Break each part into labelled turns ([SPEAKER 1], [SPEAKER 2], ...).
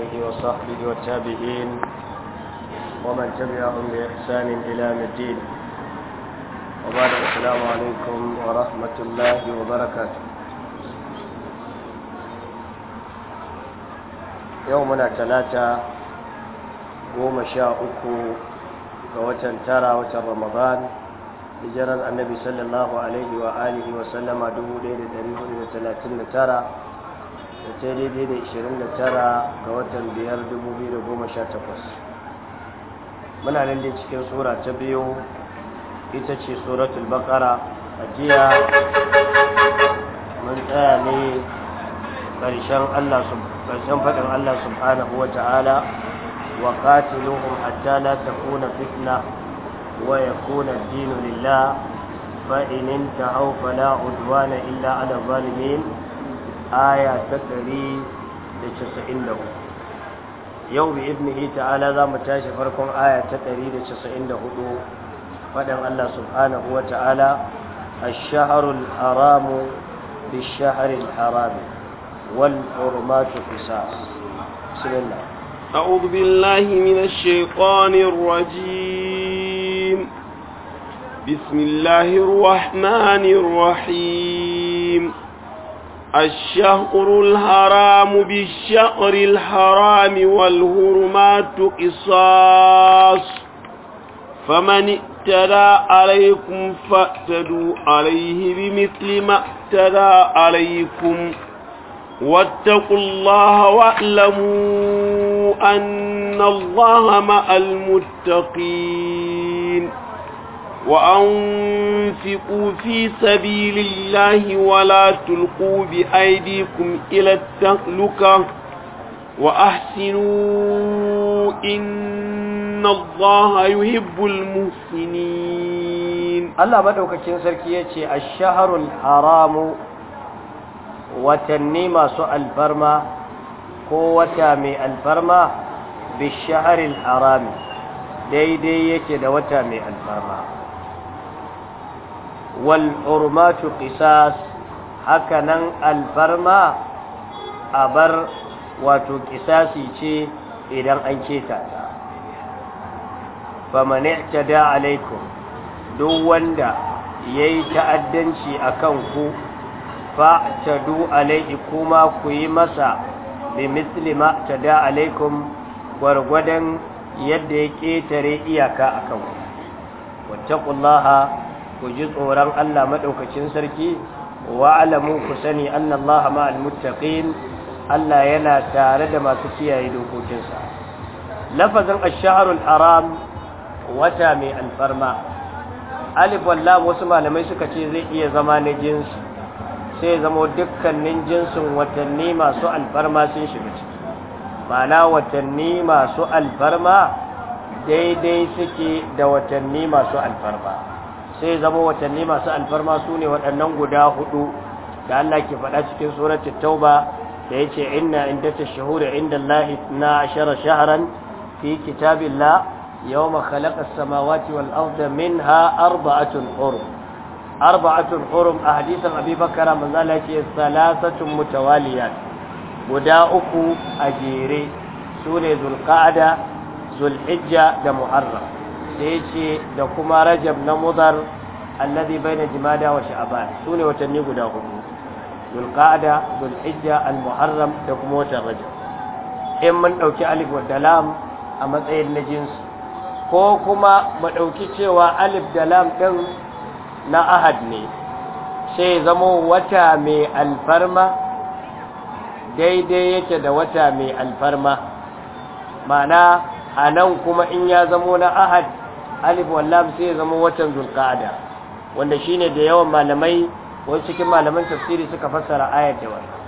[SPEAKER 1] آله وصحبه والتابعين ومن تبعهم بإحسان إلى الدين وبعد السلام عليكم ورحمة الله وبركاته يومنا ثلاثة قوم شاء أكو وتن ترى وتن رمضان hijirar annabi sallallahu alaihi wa alihi wa sallama 1439 da ta daidai da 29 ga watan 5 2018 muna nan dai cikin sura ta biyu ita ce suratul bakara a jiya mun tsaya ne ƙarshen Allah faɗin Allah subhanahu wa ta'ala wa qatiluhum hatta la takuna fitna wa yakuna ad-dinu lillah fa in intahu fala udwana illa ala zalimin آية تتري لشسع عنده يوم ابنه تعالى ذا متاشف لكم آية تتري لشسع عنده فدم الله سبحانه وتعالى الشهر الحرام بالشهر الحرام والحرمات قصاص
[SPEAKER 2] بسم الله أعوذ بالله من الشيطان الرجيم بسم الله الرحمن الرحيم الشهر الحرام بالشهر الحرام والهرمات قصاص فمن اعتدى عليكم فاعتدوا عليه بمثل ما اعتدى عليكم واتقوا الله واعلموا أن الله مع المتقين وأنفقوا في سبيل الله ولا تلقوا بأيديكم إلى التهلكة وأحسنوا إن الله يحب المحسنين الله مدوك كنسر كيتي الشهر
[SPEAKER 1] الحرام وتنيما سؤال فرما قوة من الفرما بالشهر الحرام daidai yake da wata mai alfarma wal hurmatu haka nan alfarma a bar wato qisasi ce idan an keta ta faman ihtada alaikum duk wanda yayi ta'addanci akan ku fa'tadu alaihi kuma ku yi masa bi misli ma tada alaikum gwargwadon yadda ya ƙetare iyaka akan ku wattaqullaha ku ji tsoron Allah maɗaukacin sarki wa alamu ku sani annallaha ma'al muttaqin Allah yana tare da masu kiyaye dokokinsa lafazin ash-shahrul haram wata mai alfarma alif wallam wasu malamai suka ce zai iya zama na jinsi sai zama dukkanin jinsin watanni masu alfarma sun shiga ciki mana watanni masu alfarma daidai suke da watanni masu alfarma sai zama watanni masu alfarma su ne waɗannan guda hudu da Allah ke faɗa cikin suratul tauba da yace inna indata shuhuri inda na 12 shahran fi kitabillah yawma khalaqa as-samawati wal arda minha arba'atun hurum arba'atun hurum a hadisan Abi Bakar manzo yace salasatun mutawaliyat guda uku a jere sune zulqa'ada zulhijja da muharram da yace da kuma rajab na mudar alladhi baina jumada wa sha'ban sune watanni guda hudu zulqa'ada zulhijja almuharram da kuma watan rajab in mun dauki alif da lam a matsayin na jinsu ko kuma mu dauki cewa alif da lam din na ahad ne sai zamo wata mai alfarma daidai yake da wata mai alfarma ma'ana a nan kuma in ya zamo na ahad alif wallam sai ya zama watan zulqa'ada wanda shine da yawan malamai wani cikin malaman tafsiri suka fassara ayat da wannan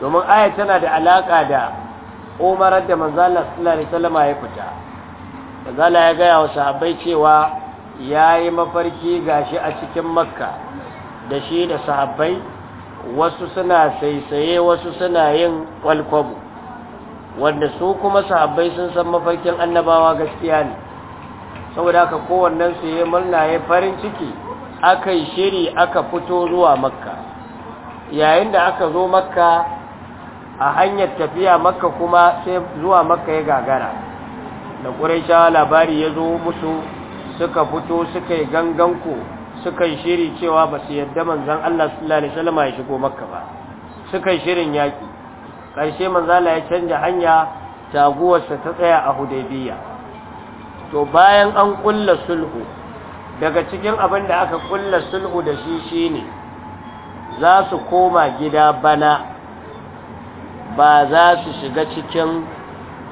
[SPEAKER 1] domin ayat tana da alaka da umarar da manzo Allah sallallahu alaihi wasallam ya fita manzo ya gaya wa sahabbai cewa yayi mafarki gashi a cikin makka da shi da sahabbai wasu suna saisaye wasu suna yin kwalkwabo wanda su kuma sahabbai sun san mafarkin annabawa gaskiya ne saboda haka kowannen su ya murna ya farin ciki aka yi shiri aka fito zuwa makka yayin da aka zo makka a hanyar tafiya makka kuma sai zuwa makka ya gagara da ƙuraisha labari ya zo musu suka fito suka yi ganganku suka yi shiri cewa ba su yadda manzan Allah sallallahu alaihi ya shigo makka ba suka yi shirin yaki ƙarshe manzala ya canja hanya taguwarsa ta tsaya a hudaybiya to bayan an kulla sulhu daga cikin abin da aka kulla sulhu da shi shine za su koma gida bana ba za su shiga cikin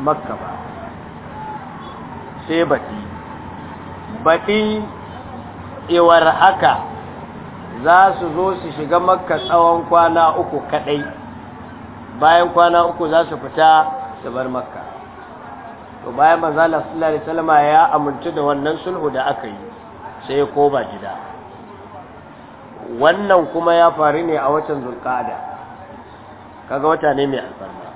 [SPEAKER 1] makka ba sai baki baki iwar haka za su zo su shiga makka tsawon kwana uku kadai bayan kwana uku za su fita su bar makka to bayan manzo sallallahu alaihi ya amince da wannan sulhu da aka yi sai ya gida wannan kuma ya faru ne a watan zulqa'ada kaga wata ne mai alfarma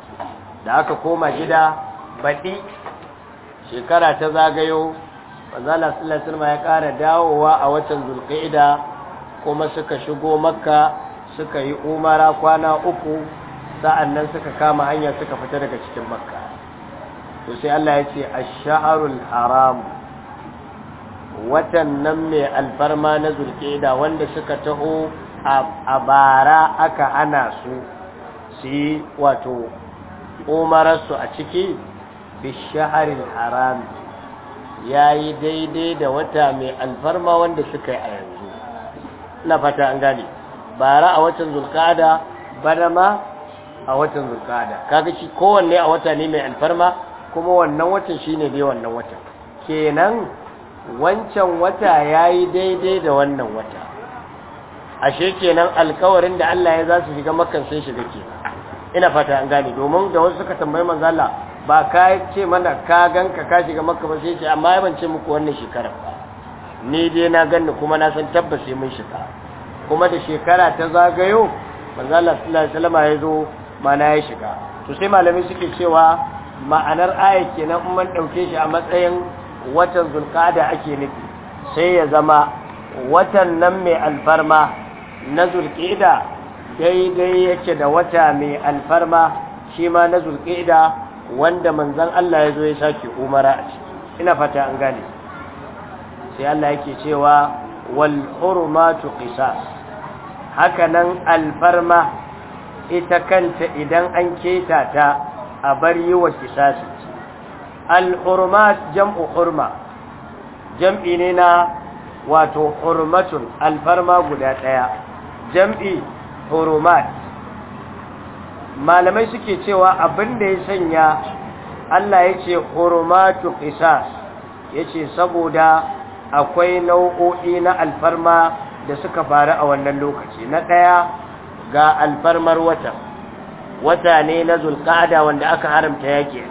[SPEAKER 1] da aka koma gida baɗi shekara ta zagayo manzo sallallahu alaihi ya ƙara dawowa a watan zulqa'ada kuma suka shigo makka suka yi umara kwana uku sa'annan suka kama hanya suka fita daga cikin makka to sai Allah ya ce ash-sha'rul haram watan nan mai alfarma na zulqa'ida wanda suka taho a bara aka ana su su yi wato su a ciki bishaharil haram ya yi daidai da wata mai alfarma wanda suka yi a yanzu na fata an gane bara a watan zulkada bana ma a watan zulkada kaga shi kowanne a wata ne mai alfarma kuma wannan watan shine dai wannan watan kenan wancan wata yayi daidai da wannan wata ashe kenan alkawarin da Allah ya za su shiga makkan sai shiga kenan ina fata an gane domin da wasu suka tambayi manzo Allah ba ka ce mana ka ganka ka shiga makka ba sai ce amma ya bance muku wannan shekarar ni dai na ganni kuma na san tabbas sai mun shiga kuma da shekara ta zagayo manzo Allah sallallahu alaihi wasallam ya zo mana ya shiga to sai malamai suke cewa ma'anar aya kenan in man ɗauke shi a matsayin watan zulqa'da ake nufi sai ya zama watan nan mai alfarma na zulƙida daidai yake da wata mai alfarma shi ma na zulqa'da wanda manzon Allah ya zo ya saki umara a ciki ina fata an gane sai Allah yake cewa wal hurmatu qisas nan alfarma ita kanta idan an keta ta a bar yi wa kisasi al-hurmat jam'u hurma jam'i ne na wato hurmatun alfarma guda ɗaya jam'i hurumat malamai suke cewa abin da ya sanya Allah ya ce hurmatu yace ya ce saboda akwai nau'o'i na alfarma da suka faru a wannan lokaci na ɗaya ga alfarmar watan wata ne na zulƙada wanda aka haramta yaki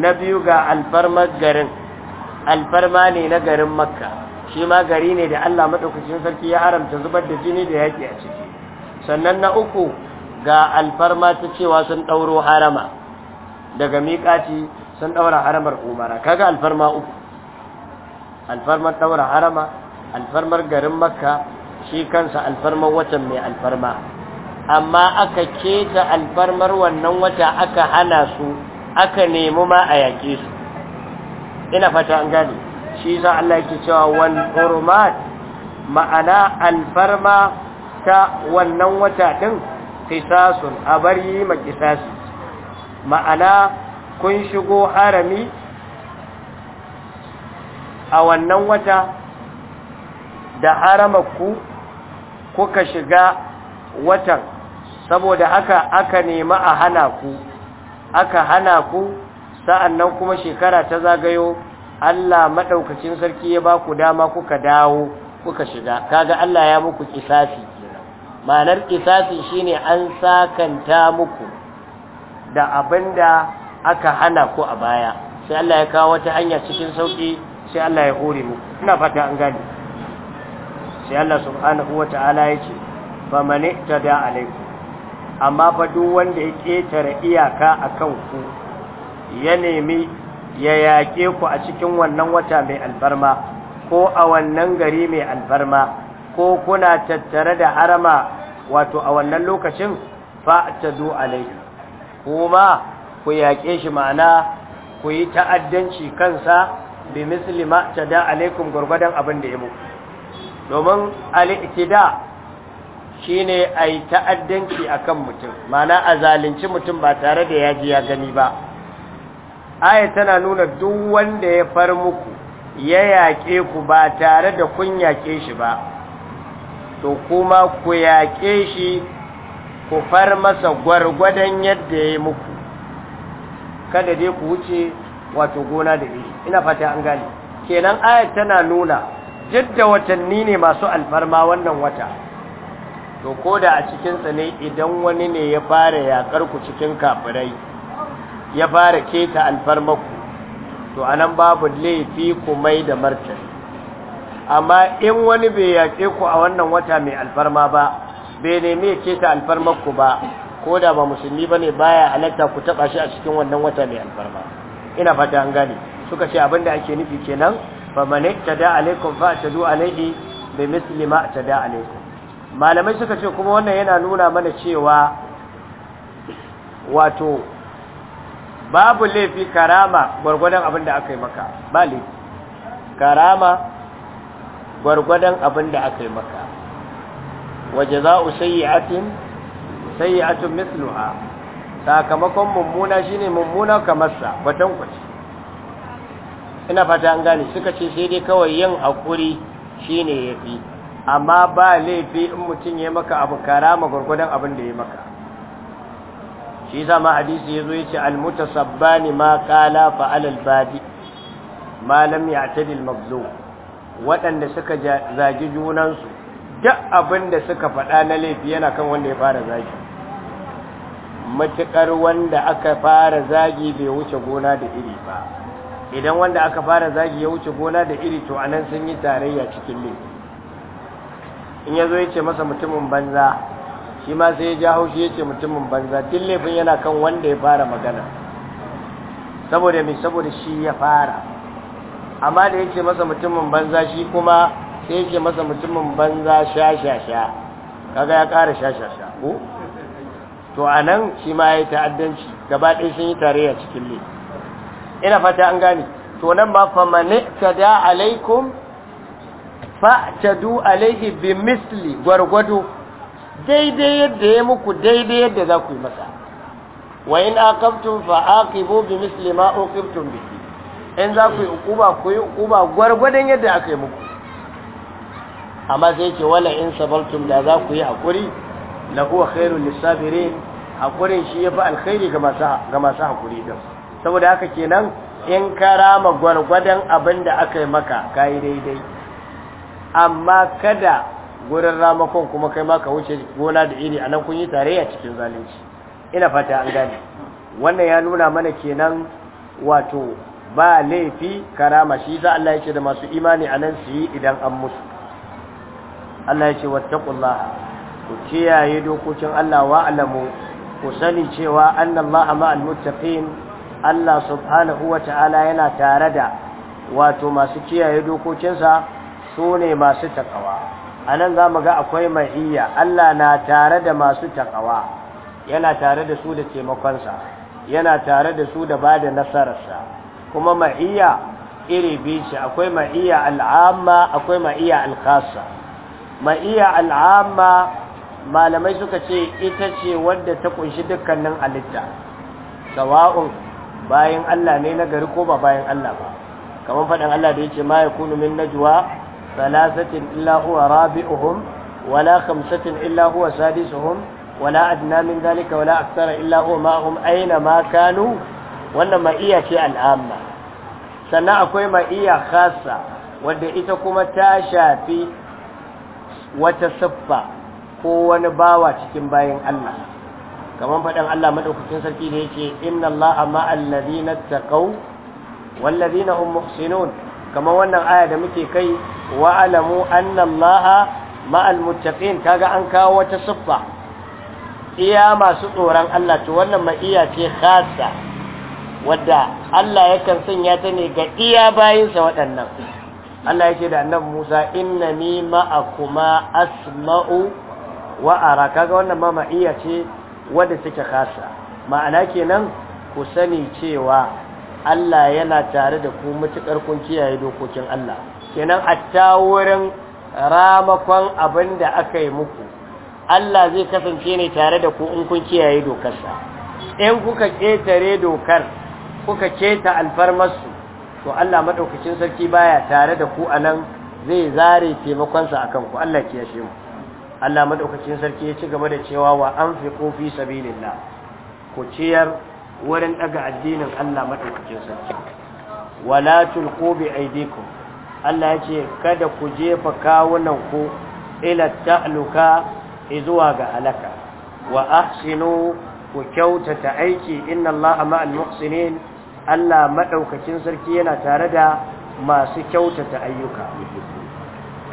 [SPEAKER 1] na biyu ga alfarmar garin alfarma ne na garin makka shi ma gari ne da Allah maɗaukacin sarki ya haramta zubar da jini da yaki a ciki sannan na uku ga alfarma ta cewa sun ɗauro harama daga miƙaci sun ɗaura haramar umara kaga alfarma uku alfarmar ɗaura harama alfarmar garin makka shi kansa alfarmar watan mai alfarma amma aka keta alfarmar wannan wata aka hana su aka nemi ma a yaƙi su ina fata an gani shi za Allah yake cewa wal hurmat ma'ana alfarma ta wannan wata din qisasun abari ma qisasi ma'ana kun shigo harami a wannan wata da haramakku kuka shiga watan saboda haka aka nemi a hana ku aka hana ku sa'annan kuma shekara ta zagayo Allah madaukakin sarki ya ba ku dama kuka dawo kuka shiga kaga Allah ya muku kisasi ma'anar kisasi shine an sakanta muku da abinda aka hana ku a baya sai Allah ya kawo wata hanya cikin sauki sai Allah ya hore muku ina fata an gane sai Allah subhanahu wataala yace mani tada alaikum amma fa duk wanda ya ƙetare iyaka a kan ku ya nemi ya yaƙe ku a cikin wannan wata mai albarma ko a wannan gari mai albarma ko kuna tattare da harama wato a wannan lokacin fa zo alaihi kuma ku yaƙe shi ma'ana ku yi ta'addanci kansa bi muslima tada alaikum gurgudan abin da ya domin al shine a ta'addanci a kan mutum mana a zalunci mutum ba tare da yaji ji ya gani ba aya tana nuna duk wanda ya far muku ya yaƙe ku ba tare da kun yaƙe shi ba to kuma ku yaƙe shi ku far masa gwargwadon yadda ya muku kada dai ku wuce wato gona da iri ina fata an gane kenan ayat tana nuna jidda watanni ne masu alfarma wannan wata to ko da a cikinsa ne idan wani ne ya fara yakar ku cikin kafirai ya fara keta alfarmaku to anan babu laifi ku mai da martani amma in wani bai yake ku a wannan wata mai alfarma ba bai neme ya keta alfarmaku ba ko da ba musulmi ba ne baya halatta ku taɓa shi a cikin wannan wata mai alfarma ina fata an gane suka ce abinda ake nufi kenan fa man da alaikum fa tadu alaihi bi misli ma ta alaikum malamai suka ce kuma wannan yana nuna mana cewa wato babu laifi karama gwargwadon abin da aka yi maka ba laifi karama gwargwadon abin da aka yi maka waje za u sayi'atin sayi'atun misluha sakamakon mummuna shine mummuna kamarsa kwaci ina fata an gane suka ce sai dai kawai yin haƙuri shine yafi amma ba laifi in mutum ya maka abu ma gurgudan abin da ya maka shi zama hadisi ya zo ya ce almutasabbani ma kala fa'alal badi ma lam ya'tadil magzo waɗanda suka zagi junansu duk abin da suka faɗa na laifi yana kan wanda ya fara zagi matuƙar wanda aka fara zagi bai wuce gona da iri ba idan wanda aka fara zagi ya wuce gona da iri to anan sun yi tarayya cikin laifi in ya zo ya ce masa mutumin banza shi ma sai ya ja haushi ya ce mutumin banza duk laifin yana kan wanda ya fara magana saboda mai saboda shi ya fara amma da ya ce masa mutumin banza shi kuma sai ya ce masa mutumin banza sha sha sha kaga ya kara sha sha sha ko to a nan shi ma ya yi ta'addanci gaba ɗaya sun yi tarayya cikin laifi ina fata an gane to nan ma famane ta da alaikum fa'tadu alaihi bi misli gwargwado daidai yadda ya muku daidai yadda za ku yi masa wa in aqabtum fa aqibu bi misli ma uqibtum bi in za ku yi ukuba ku yi ukuba gwargwadon yadda aka yi muku amma sai ce wala in sabaltum da za ku yi hakuri la huwa khairul lisabirin hakurin shi yafi alkhairi ga masu ga masu hakuri din saboda haka kenan in karama gwargwadon abinda aka yi maka kai daidai amma kada gurin ramakon kuma kai ma ka wuce gona da iri a nan kun yi tare a cikin zalunci ina fata an gane wannan ya nuna mana kenan wato ba laifi karama shi za Allah ya ce da masu imani a nan su yi idan an musu Allah ya ce wattaqullaha ku kiyaye dokokin Allah wa alamu ku sani cewa annallaha ma'al muttaqin Allah subhanahu wa ta'ala yana tare da wato masu kiyaye dokokinsa su ne masu takawa a nan za mu ga akwai mai iya Allah na tare da masu takawa yana tare da su da sa, yana tare da su da bada da nasararsa kuma mai iya iri biyu akwai mai iya al'amma akwai mai iya alkhasa mai iya al'amma malamai suka ce ita ce wadda ta kunshi dukkanin alitta sawa'un bayan Allah ne na gari ko ba bayan Allah ba kamar faɗin Allah da ya ce ma ya kunu min najwa ثلاثة إلا هو رابعهم ولا خمسة إلا هو سادسهم ولا أدنى من ذلك ولا أكثر إلا هو معهم أينما كانوا wannan ma'iya ce al'amma sannan akwai ma'iya kasa wadda ita kuma ta shafi wata siffa ko wani bawa cikin bayan Allah kamar faɗin Allah maɗaukacin sarki da yake inna Allah amma allazina taqaw wallazina hum muhsinun kamar wannan aya da muke kai wa alamu annallaha ma'al muttaqin kaga an kawo wata siffa iya masu tsoron Allah to wannan ma iya ce khassa wadda Allah yakan sanya ta ne ga iya bayinsa waɗannan Allah yake da annabi Musa innani ma'akuma asma'u wa ara kaga wannan ma iya ce wadda take khassa ma'ana kenan ku sani cewa Allah yana tare da ku matuƙar kun kiyaye dokokin Allah kenan hatta wurin ramakon abin da aka yi muku Allah zai kasance ne tare da ku in kun kiyaye dokarsa in kuka ketare dokar kuka keta alfarmarsu to Allah madaukakin sarki baya tare da ku anan zai zare taimakonsa akan ku Allah ya yashe mu Allah madaukakin sarki ya ci gaba da cewa wa anfiqu fi sabilillah ku ciyar wurin daga addinin Allah madaukakin sarki wala tulqu bi aydikum Allah yace, kada ku jefa kawunan ku ila ta'luka zuwa ga halaka wa ahsinu ku kyautata aiki inna Allah ma'al muhsinin Allah madaukakin sarki yana tare da masu kyautata ayyuka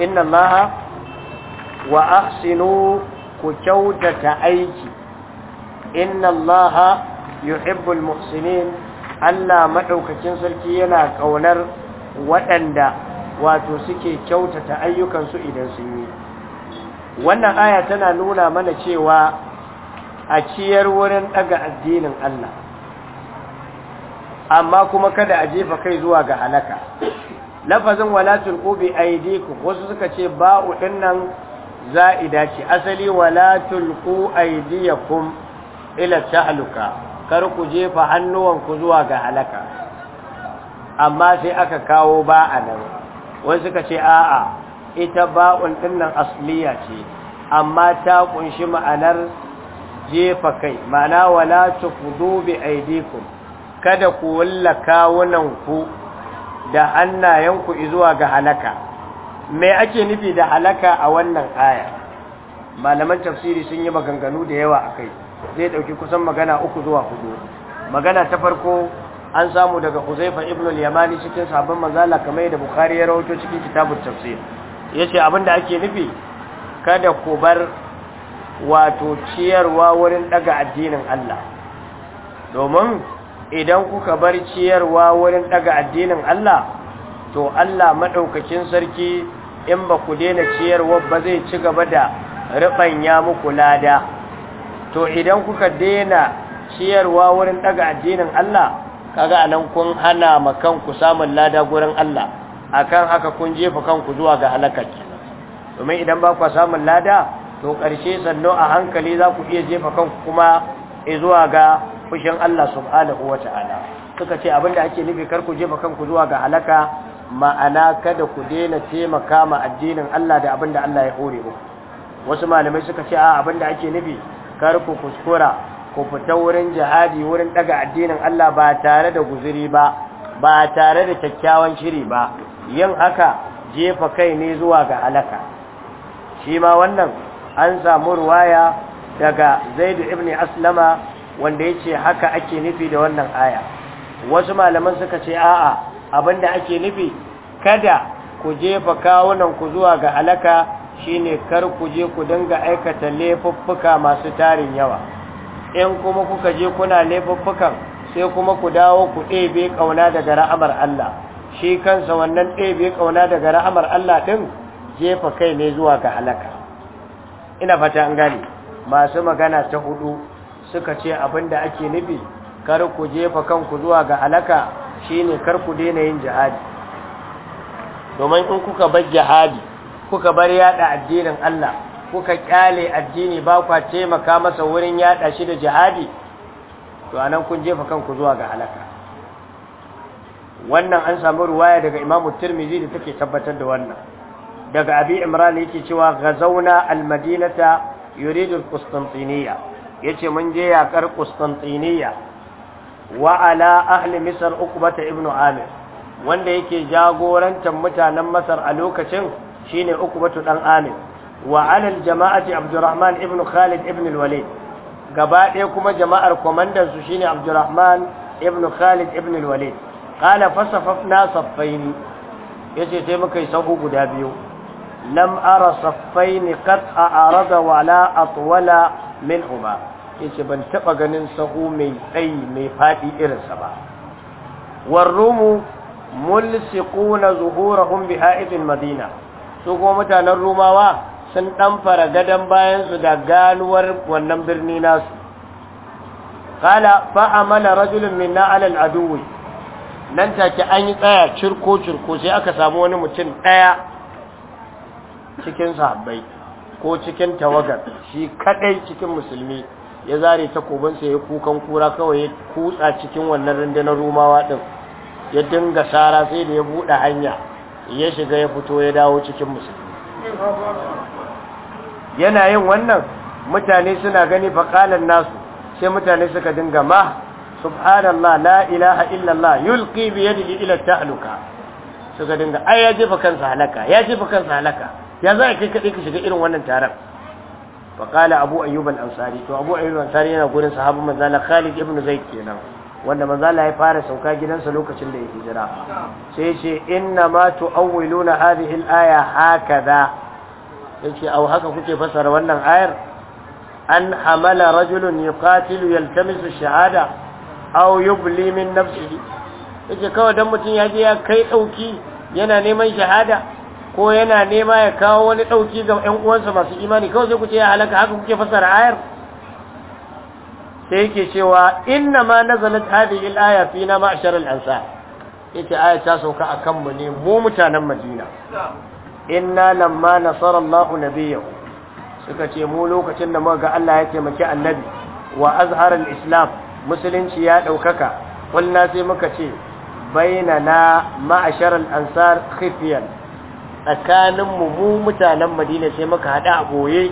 [SPEAKER 1] inna Allah wa ahsinu ku kyautata aiki inna Allah yuhibbul muhsinin Allah madaukakin sarki yana kaunar waɗanda wato suke kyautata ayyukansu idan sun yi wannan aya tana nuna mana cewa a ciyar wurin daga addinin Allah amma kuma kada a jefa kai zuwa ga halaka lafazin wala tulqu aidiku wasu suka ce ba'u dinnan za'ida ce asali wala tulqu aydiyakum ila ta'luka kar ku jefa hannuwanku zuwa ga halaka amma sai aka kawo ba a nan wani suka ce a'a ita ba'un ɗinnan asliya ce amma ta kunshi ma'anar jefa kai ma'ana wala tufudu bi aidikum kada ku wallaka ku da hannayenku zuwa ga halaka me ake nufi da halaka a wannan aya malaman tafsiri sun yi maganganu da yawa akai zai dauki kusan magana uku zuwa hudu magana ta farko an samu daga Uzaifa ibn al-Yamani cikin sabon manzala kamar da Bukhari ya rawaito cikin kitabut tafsir yace abinda ake nufi kada ku bar wato ciyarwa wurin daga addinin Allah domin idan kuka bar ciyarwa wurin daga addinin Allah to Allah madaukakin sarki in ba ku daina ciyarwa ba zai ci gaba da ya muku lada to idan kuka daina ciyarwa wurin daga addinin Allah kaga anan kun hana makan ku samun lada gurin Allah akan haka kun jefa kanku zuwa ga halaka domin idan ba ku samun lada to karshe sannu a hankali za ku iya jefa kanku kuma zuwa ga fushin Allah subhanahu wata'ala suka ce abinda ake nufi kar ku jefa kanku zuwa ga halaka ma'ana kada ku daina taimaka ma addinin Allah da abinda Allah ya hore ku wasu malamai suka ce a abinda ake nufi kar ku kuskura ku fita wurin jihadi wurin daga addinin Allah ba tare da guzuri ba ba tare da kyakkyawan shiri ba yin haka jefa kai ne zuwa ga halaka shi ma wannan an samu ruwaya daga Zaid ibn Aslama wanda yace haka ake nufi da wannan aya wasu malaman suka ce a'a abinda ake nufi kada ku jefa kawunan ku zuwa ga halaka shine kar ku je ku dinga aikata laifuffuka masu tarin yawa in kuma kuka je kuna laifuffukan sai kuma ku dawo ku ɗebe ƙauna daga ra'amar Allah shi kansa wannan ɗebe ƙauna daga ra'amar Allah ɗin jefa kai ne zuwa ga halaka ina fata an gane masu magana ta hudu suka ce abin da ake nufi kar ku jefa kanku zuwa ga halaka shine kar ku daina yin jihadi domin in kuka bar jihadi kuka bar yada addinin Allah kuka kyale addini ba kwa taimaka masa wurin yada shi da jihadi to anan kun jefa kanku zuwa ga halaka wannan an samu ruwaya daga Imam Tirmidhi da take tabbatar da wannan daga Abi Imran yake cewa gazauna al-Madinata yuridu al qustantiniyya yace mun je yakar Qustantiniyya wa ala ahli Misr Uqba ibn Amir wanda yake jagorantar mutanen Masar a lokacin shine ukubatu dan amin. wa alal jama'ati abdurrahman ibn khalid ibn al gaba ɗaya kuma jama'ar komandan su shine abdurrahman ibn khalid ibn al-walid qala fasafafna saffaini yace sai muka yi sahu guda biyu lam ara saffaini a a'rada wala atwala minhuma yace ban taba ganin sahu mai tsayi mai fadi irinsa ba warrumu mulsiquna zuhurahum bi'a'id al-madina su kuma mutanen rumawa sun ɗan fara gadon su da ganuwar wannan birni nasu kala fa'amala rajulun minna alal aduwi nan take an yi tsaya cirko-cirko sai aka samu wani mutum ɗaya cikin sahabbai ko cikin tawagar shi kaɗai cikin musulmi ya zare takobinsa ya kukan kura kawai ya kutsa cikin wannan rundunar rumawa ɗin ya dinga sara sai da ya buɗe hanya ya shiga ya fito ya dawo cikin musulmi yana yin wannan mutane suna gani faƙalan nasu sai mutane suka dinga ma subhanallah la ilaha illallah yulqi bi yadihi ila ta'luka suka dinga ai ya jefa kansa halaka ya jefa kansa halaka ya za kai kadai ka shiga irin wannan taron faqala abu ayyub al-ansari to abu ayyub al-ansari yana gurin sahabban manzo Khalid ibn Zaid kenan wanda manzo Allah ya fara sauka gidansa lokacin da ya hijira sai ya ce inna ma tu'awwiluna hadhihi al-aya hakaza yace au haka kuke fasara wannan ayar an amala rajulun yuqatilu yaltamisu shahada aw yubli min nafsihi yace kawai dan mutun ya je ya kai dauki yana neman shahada ko yana nema ya kawo wani dauki ga ƴan uwansa masu imani kawai sai kuce ya halaka haka kuke fasara ayar sai yake cewa inna ma nazalat hadhihi al-aya fi na ma'shar al-ansar yace aya ta sauka akan mu ne mu mutanen Madina inna lamma nasara Allahu nabiyahu suka ce mu lokacin da muka ga Allah ya taimaki annabi wa azhara al-islam musulunci ya daukaka kullu sai muka ce bainana ma'shar al-ansar khifiyan tsakanin mu mu mutanen Madina sai muka hada a boye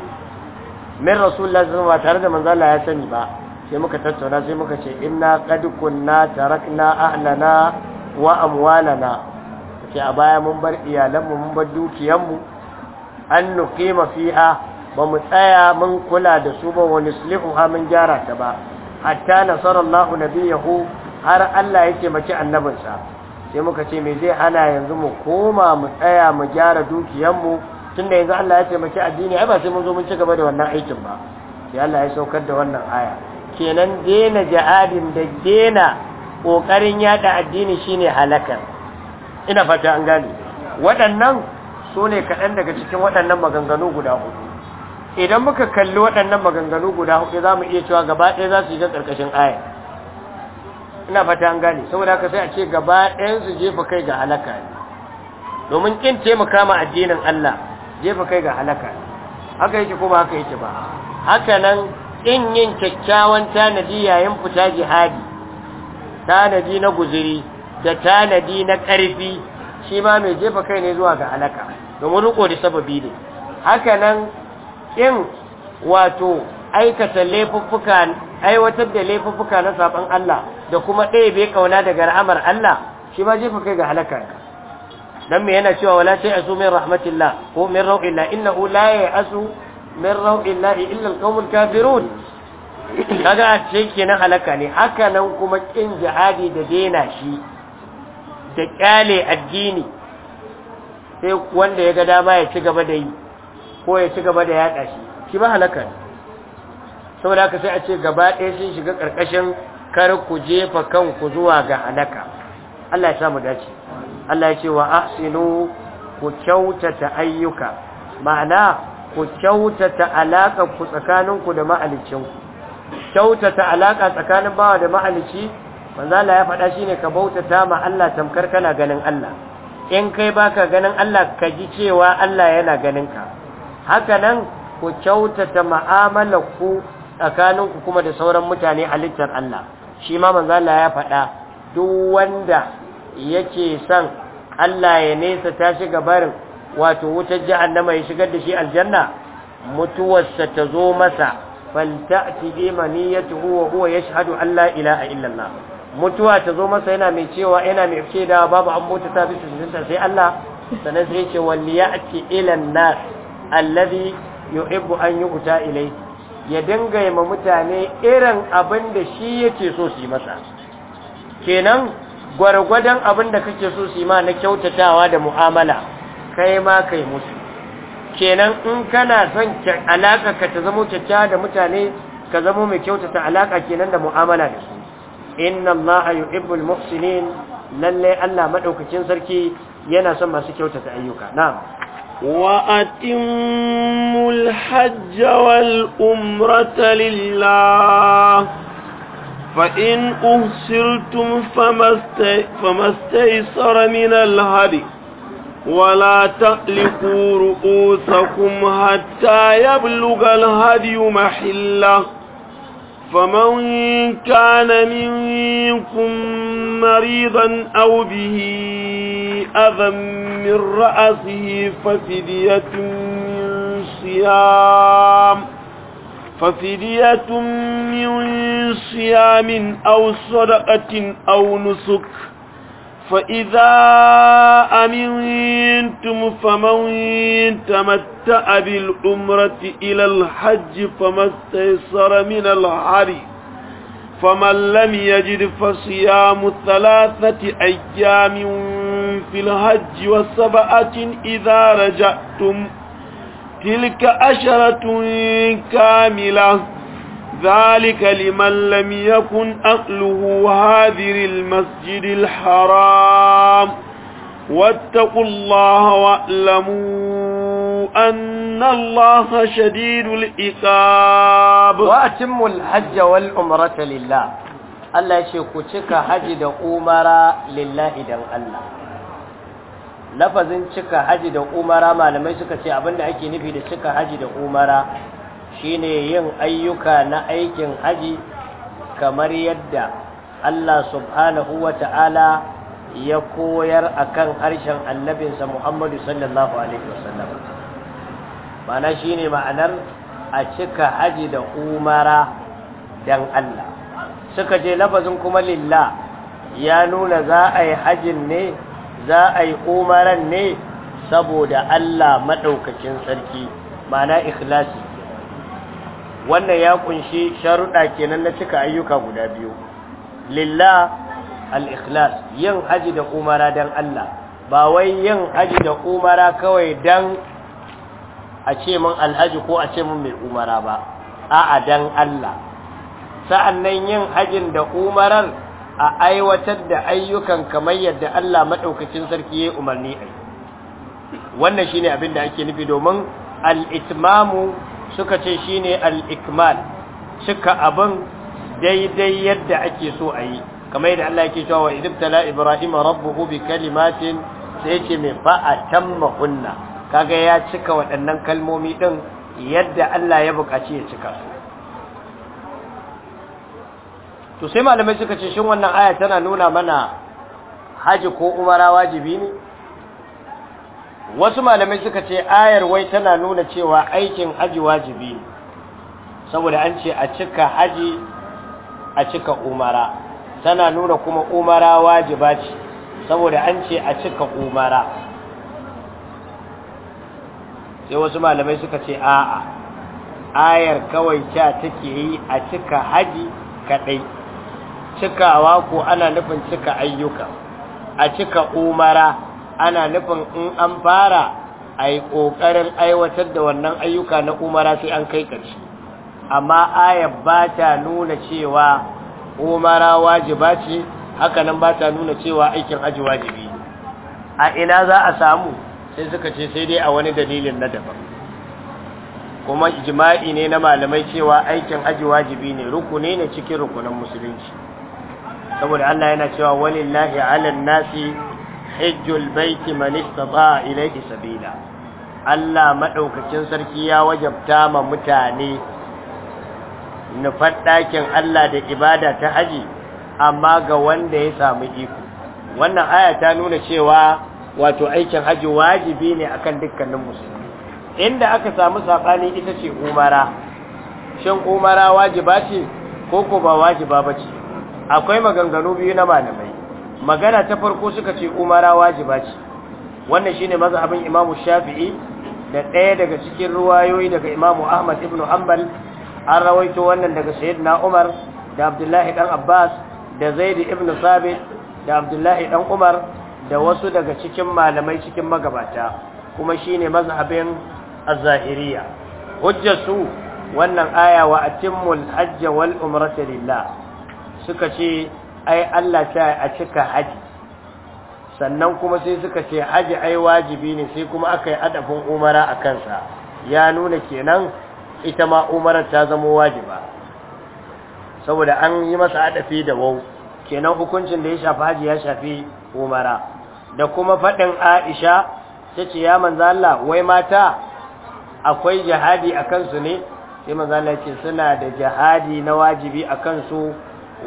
[SPEAKER 1] min rasulullahi sallallahu alaihi wasallam tare da manzo Allah ya sani ba sai muka tattauna sai muka ce inna qad kunna tarakna ahlana wa amwalana Sai a baya mun bar iyalanmu mun bar dukiyanmu an nuqima fiha ba mu tsaya mun kula da su ba wani sulhu ha mun gyara ta ba hatta nasarallahu nabiyahu har Allah yake mace annabinsa sai muka ce me zai hana yanzu mu koma mu tsaya mu gyara dukiyanmu tunda yanzu Allah ya ce mace addini ai ba sai mun zo mun ci gaba da wannan aikin ba sai Allah ya saukar da wannan aya kenan dena jihadin da dena kokarin yada addini shine halaka ina fata an gane waɗannan su ne kaɗan daga cikin waɗannan maganganu guda hudu idan muka kalli waɗannan maganganu guda hudu za mu iya cewa gaba ɗaya za su yi ta ƙarƙashin aya ina fata an gane saboda haka sai a ce gaba ɗayan su jefa kai ga halaka domin kin taimaka ma addinin Allah jefa kai ga halaka haka yake ko ba haka yake ba haka nan in yin kyakkyawan tanadi yayin fita jihadi tanadi na guziri da tanadi na karfi, shi ma mai jefa kai ne zuwa ga alaka domin riko da sababi ne haka nan in wato aikata laifuffuka aiwatar da laifuffuka na saban Allah da kuma ɗaya bai kauna daga ra'amar Allah shi ma jefa kai ga halaka dan me yana cewa wala sai asu min rahmatillah ko min la innahu la ya'asu min rawqin lahi illa alqawmul kafirun kaga a ce kenan halaka ne haka nan kuma kin jihadi da dena shi da kyale addini sai wanda ya ga dama ya ci gaba da yi ko ya ci gaba da yaɗa shi shi ba halaka ne saboda haka sai a ce gaba ɗaya sun shiga ƙarƙashin kar ku jefa kanku zuwa ga halaka Allah ya sa mu dace Allah ya ce wa ahsinu ku kyautata ayyuka ma'ana ku kyautata alaƙa ku tsakaninku da mahalicinku kyautata alaƙa tsakanin bawa da manzo Allah ya faɗa shine ka bautata ma Allah tamkar kana ganin Allah in kai baka ganin Allah ka ji cewa Allah yana ganin ka haka nan ku kyautata mu'amalar ku tsakaninku kuma da sauran mutane halittar Allah shi ma Allah ya faɗa duk wanda yake son Allah ya nesa ta shiga barin wato wutar jahannama ya shigar da shi aljanna mutuwarsa ta zo masa falta'ti bi maniyatihi wa huwa yashhadu an la ilaha illallah mutuwa ta zo masa yana mai cewa yana mai fice da babu an bauta ta bisu sunta sai Allah sanan sai ce wal ya'ti ila an-nas alladhi yuhibbu an yu'ta ilayhi ya dinga yi mutane irin abin da shi yake so su yi masa kenan gwargwadon abin da kake so su yi ma na kyautatawa da mu'amala kai ma kai musu kenan in kana son alaka ka ta zama kyakkya da mutane ka zama mai kyautata alaka kenan da mu'amala da su inna allaha yuhibbul muhsinin lalle Allah madaukakin sarki yana son masu kyautata ayyuka na'am
[SPEAKER 2] وأتموا الحج والأمرة لله فإن أهسرتم فما استيسر من الهدي ولا تألقوا رؤوسكم حتى يبلغ الهدي محله فمن كان منكم مريضا أو به أذى من رأسه ففدية من صيام ففدية من صيام أو صدقة أو نسك فإذا أمنتم فمن تمتع بالعمرة إلى الحج فما استيسر من الحري فمن لم يجد فصيام ثلاثة أيام في الحج وسبعة إذا رجعتم تلك أشرة كاملة ذلك لمن لم يكن أهله هاذر المسجد الحرام واتقوا الله واعلموا أن الله شديد الإقاب وأتموا الحج والأمرة لله الله يشيكو تشكى حج دا
[SPEAKER 1] أمرا لله دا الله نفذ تشكى حج دا أمرا ما لم يشكى سيعبن عكي نفيد تشكى حج دا أمرا shine yin ayyuka na aikin haji kamar yadda Allah subhanahu wa ta'ala ya koyar akan harshen annabinsa Muhammadu sallallahu alaihi wasallam ma'ana shine ma'anar a cika haji da umara dan Allah suka je lafazin kuma Lilla ya nuna za a yi hajin ne za a yi umaran ne saboda Allah maɗaukakin sarki ma'ana ikhlasi wannan ya kunshi sharuɗa kenan na cika ayyuka guda biyu lillah al-ikhlas yin haji da umara dan Allah ba wai yin haji da umara kawai dan a ce mun alhaji ko a ce mun mai umara ba a'a dan Allah sa'annan yin hajin da umaran a aiwatar da ayyukan kamar yadda Allah madaukakin sarki ya umarni ai wannan shine abin da ake nufi domin al-itmamu suka ce shi ne al'ikmal cika abin daidai yadda ake so a yi kamar yadda Allah yake cewa Tala ibrahim hu bi kalimatin sai ce mai a tamma hunna kaga ya cika waɗannan kalmomi ɗin yadda Allah ya buƙaci ya cika su to sai malamai suka ce shin wannan aya tana nuna mana haji ko umara wajibi ne wasu malamai suka ce ayar wai tana nuna cewa aikin haji wajibi ne saboda an ce a cika haji a cika umara tana nuna kuma umara wajiba ce saboda an ce a cika umara sai wasu malamai suka ce a'a ayar kawai ta take yi a cika haji kadai cikawa ko ana nufin cika ayyuka a cika umara ana nufin in an fara a yi ƙoƙarin aiwatar da wannan ayyuka na umara sai an kai ƙarshe amma ayar ba ta nuna cewa umara wajiba ce hakanan ba ta nuna cewa aikin aji wajibi a ina za a samu sai suka ce sai dai a wani dalilin na daban kuma jima'i ne na malamai cewa aikin aji wajibi ne rukuni ne cikin rukunin musulunci saboda Allah yana cewa walillahi 'alan nasi hajjul baiti man istata ilayhi sabila Allah madaukakin sarki ya wajabta ma mutane nufar ɗakin Allah da ibada ta haji amma ga wanda ya samu iko wannan aya ta nuna cewa wato aikin haji wajibi ne akan dukkanin musulmi inda aka samu sabani ita ce umara shin umara wajiba ce ko ko ba wajiba bace akwai maganganu biyu na malamai magana ta farko suka ce umara wajiba ce wannan shine mazhabin imamu shafi'i da ɗaya daga cikin ruwayoyi daga imamu ahmad ibn hanbal an rawaito wannan daga sayyidina umar da abdullahi dan abbas da zaid ibn sabit da abdullahi dan umar da wasu daga cikin malamai cikin magabata kuma shine mazhabin az-zahiriya hujjatu wannan aya wa atimmul hajja wal umrata lillah suka ce ai Allah ta a cika haji sannan kuma sai suka ce haji ai wajibi ne sai kuma aka yi adafin umara a kansa ya nuna kenan ita ma umarar ta zama wajiba saboda an yi masa adafi da wau kenan hukuncin da ya shafi haji ya shafi umara da kuma faɗin aisha ta ce ya manzo Allah wai mata akwai jihadi a kansu ne sai manzo Allah ce suna da jihadi na wajibi a kansu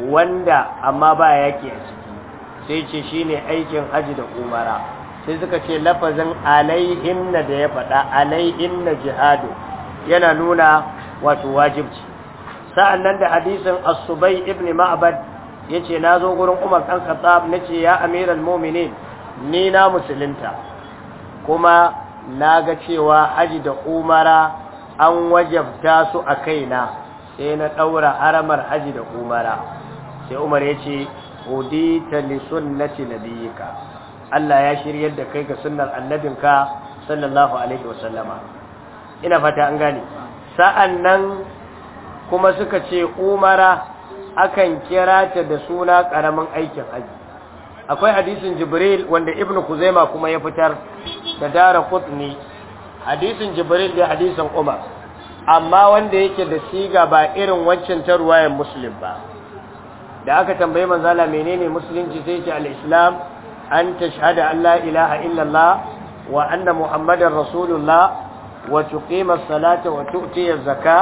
[SPEAKER 1] wanda amma ba yake a ciki sai ce shi ne aikin haji da umara sai suka ce lafazin na da ya faɗa alaihinna jihadu yana nuna wato wajibci sa'an nan da hadisin ibn ma’abad ya ce yace nazo gurin Umar dan na ce ya amiral mu'minin ni na musulunta kuma na ga cewa haji da umara an wajabta su a kaina sai na ɗaura haramar haji da umara sai umar ya ce hudita li sunnati nabiyika Allah ya shiryar da kai ga sunnar annabinka sallallahu alaihi wasallama ina fata an gane sa'annan kuma suka ce umara akan kira ta da suna karamin aikin haji akwai hadisin jibril wanda Ibn kuzaima kuma ya fitar da dara qutni hadisin jibril da hadisin umar amma wanda yake da siga ba irin wancan ta ruwayan muslim ba da aka tambaye mazala menene musulunci sai ce al-islam an tashhada an la ilaha illallah wa anna muhammadar rasulullah wa tuqima salata wa tu'ti zaka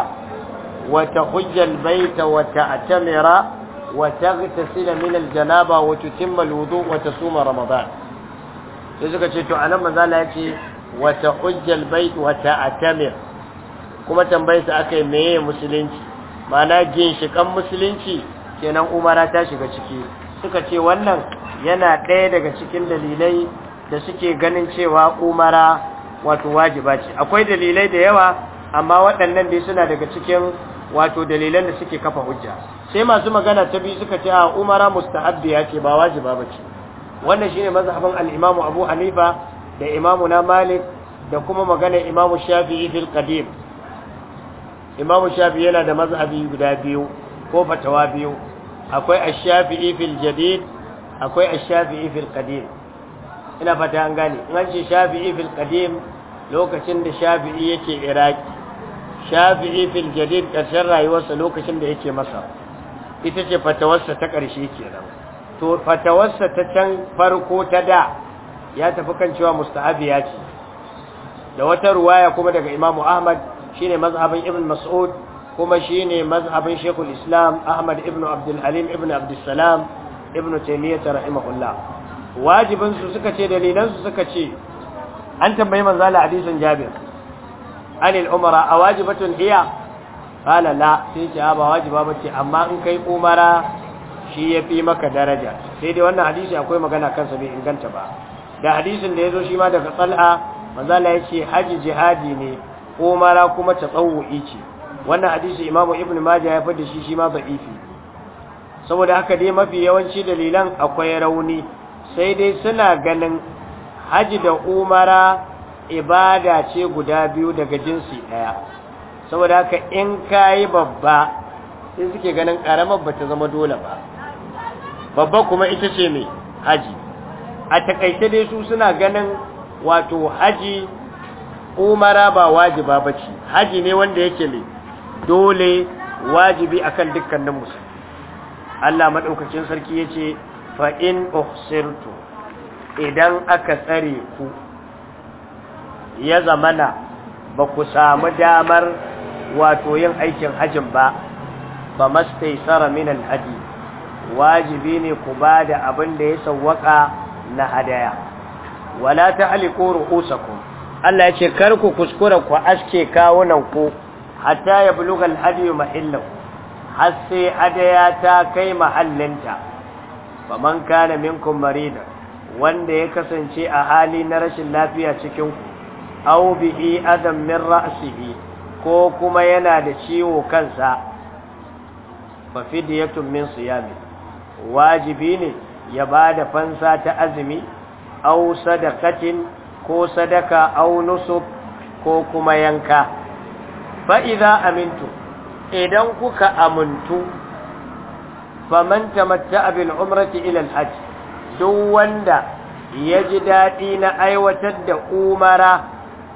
[SPEAKER 1] wa tahujja al-bayta wa ta'tamira wa taghtasila min al-janaba wa tutimma al-wudu wa tasuma ramadan sai suka ce to anan manzo Allah yace wa tahujja al-bayt wa ta'tamir kuma tambayarsa akai meye musulunci ma'ana ginshikan musulunci kenan umara ta shiga ciki suka ce wannan yana ɗaya daga cikin dalilai da suke ganin cewa umara wato wajiba ce akwai dalilai da yawa amma waɗannan dai suna daga cikin wato dalilan da suke kafa hujja sai masu magana ta biyu suka ce a umara mustahabbiya ce ba wajiba bace wannan shine mazhabin al-Imam Abu Hanifa da Imam Malik da kuma magana Imam Shafi'i fil qadim Imam Shafi'i yana da mazhabi guda biyu ko fatawa biyu akwai ash-shafi'i fil jadid akwai ash-shafi'i fil qadim ina fata an gane in an ce shafi'i fil qadim lokacin da shafi'i yake iraki shafi'i fil jadid karshen rayuwarsa lokacin da yake masa ita ce fatawarsa ta ƙarshe kenan to fatawarsa ta can farko ta da ya tafi kan cewa ya ce da wata ruwaya kuma daga imamu ahmad shine mazhabin ibn mas'ud kuma shine mazhabin shekul Islam Ahmad ibn Abdul Halim ibn Abdul ibn Taymiyyah rahimahullah wajibin su suka ce dalilan suka ce an tambayi manzo Allah Jabir anil umara awajibatun hiya kala la sai ce ba wajiba bace amma in kai umara shi yafi maka daraja sai dai wannan hadisi akwai magana kansa bai inganta ba da hadisin da zo shi ma daga tsal'a, manzo ya ce haji jihadi ne umara kuma ta tsawo ce wannan hadisi imamu ibn majah ya fada shi shi ma ba'ifi saboda haka dai mafi yawanci dalilan akwai rauni sai dai suna ganin haji da umara ibada ce guda biyu daga jinsi daya saboda haka in kayi babba sai suke ganin karamar ta zama dole ba
[SPEAKER 3] babba kuma ita ce mai
[SPEAKER 1] haji a takaice dai su suna ganin wato haji umara ba wajiba bace haji ne wanda yake mai dole wajibi akan dukkanin musulmi Allah madaukakin sarki yace fa in ukhsirtu idan aka tsare ku ya zamana ba ku samu damar wato yin aikin hajin ba ba mastaisara min hadi. wajibi ne ku ba da abin da ya sawwaka na hadaya wala ta'liqu ru'usakum Allah yace kar ku kuskura ku aske kawunan ku hatta ya buluga al'adiyu mahillau har sai adaya ta kai mahallinta man kana minkum marida wanda ya kasance a hali na rashin lafiya cikin ku aw bihi adam min ra'sihi ko kuma yana da ciwo kansa fa fidyatun min siyami wajibi ne ya bada fansa ta azumi aw sadaqatin ko sadaka aw nusuk ko kuma yanka fa'iza amintu idan kuka amintu faman tamatta bil umrati ila alhajj duk wanda ya ji daɗi na aiwatar da umara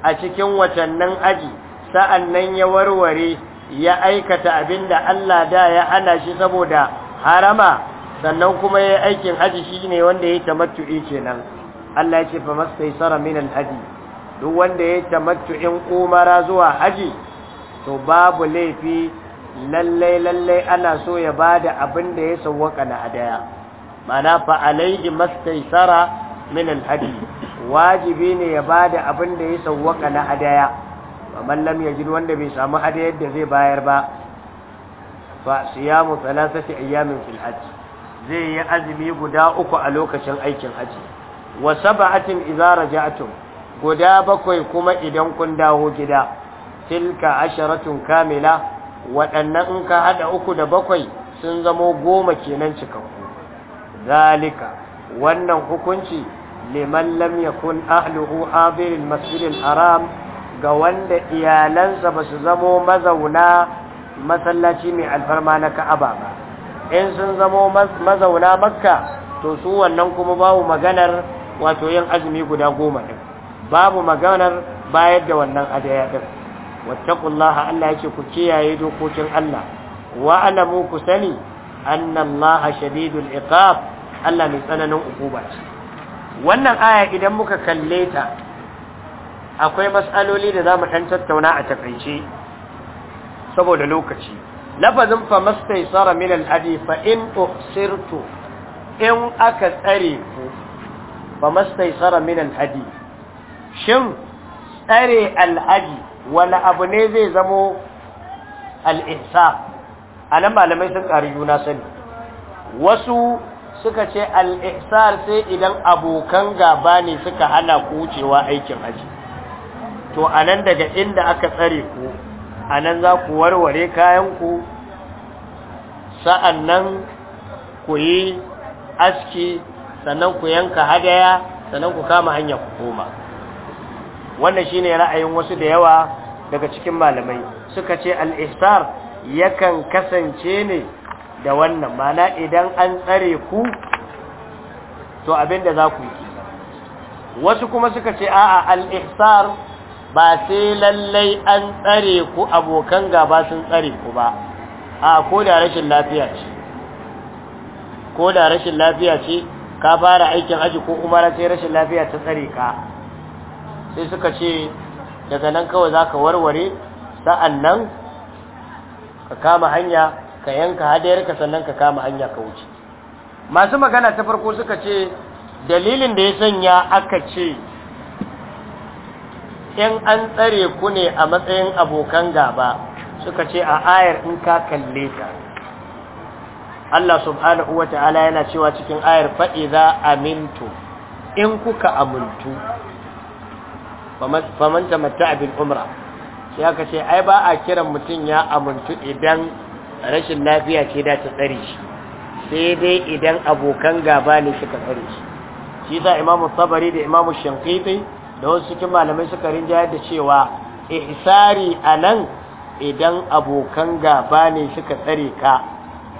[SPEAKER 1] a cikin watannin aji sa'annan ya warware ya aikata abin da Allah da ya ana shi saboda harama sannan kuma ya aikin haji shine wanda ya tamattu'i kenan Allah ya ce fa mastaisara min alhaji duk wanda ya tamattu'in umara zuwa haji to babu laifi lallai lallai ana so ya da abin da ya sawwaka na adaya. mana fa alayhi mastaysara min wajibi ne ya bada abin da ya sawwaka na adaya. amma ya yajid wanda bai samu hadayar yadda zai bayar ba fa siyamu thalathati ayamin fil hajj zai yi azumi guda uku a lokacin aikin haji wa sab'atin idza raja'tum guda bakwai kuma idan kun dawo gida tilka asharatun kamila waɗannan in ka haɗa uku da bakwai sun zamo goma kenan cikakku zalika wannan hukunci liman lam yakun ahluhu hadiril masjidil haram ga wanda iyalansa ba su zamo mazauna masallaci mai alfarma na ka'aba ba in sun zamo mazauna makka to su wannan kuma babu maganar wato yin azumi guda goma ɗin babu maganar bayar da wannan adaya ɗin wattaqullaha Allah yake ku kiyaye dokokin Allah wa alamu ku sani anna Allah shadidul iqab Allah mai tsananin ukuba ce wannan aya idan muka kalle ta akwai mas'aloli da zamu dan tattauna a takaice saboda lokaci lafazin fa mastaysara min al-hadi fa in uhsirtu in aka tsare ku fa mastaysara min al-hadi shin tsare al-hadi wani abu ne zai zamo al'insa a nan malamai sun ƙari juna sani wasu suka ce al'isar sai idan abokan gaba ne suka hana ku wucewa aikin aji. to a nan daga inda aka tsare ku a nan za ku warware kayanku sa'an nan ku yi aski sannan ku yanka hadaya sannan ku kama hanyar ku koma wannan shine ra'ayin wasu da yawa daga cikin malamai suka ce al yakan kasance ne da wannan mana idan an tsare ku to abinda za ku yi wasu kuma suka ce a'a al-ihsar ba sai lallai an tsare ku abokan gaba sun tsare ku ba a ko da rashin lafiya ce ko da rashin lafiya ce ka fara aikin aji ko umara sai rashin lafiya ta tsare ka sai suka ce daga nan kawai za ka warware sa'an nan ka kama hanya ka yanka hadayarka sannan ka kama hanya ka wuce masu magana ta farko suka ce dalilin da ya sanya aka ce in an tsare ku ne a matsayin abokan gaba suka ce a ayar in ka kalle ta Allah subhanahu wa ta'ala yana cewa cikin ayar fa'iza amintu in kuka amintu faman tamatta abin umra shi aka ce ai ba a kiran mutum ya amintu idan rashin lafiya ce da ta tsare shi sai dai idan abokan gaba ne suka tsare shi shi sa imamu sabari da imamu shankiti da wasu cikin malamai suka rinjayar da cewa ihsari a nan idan abokan gaba ne suka tsare ka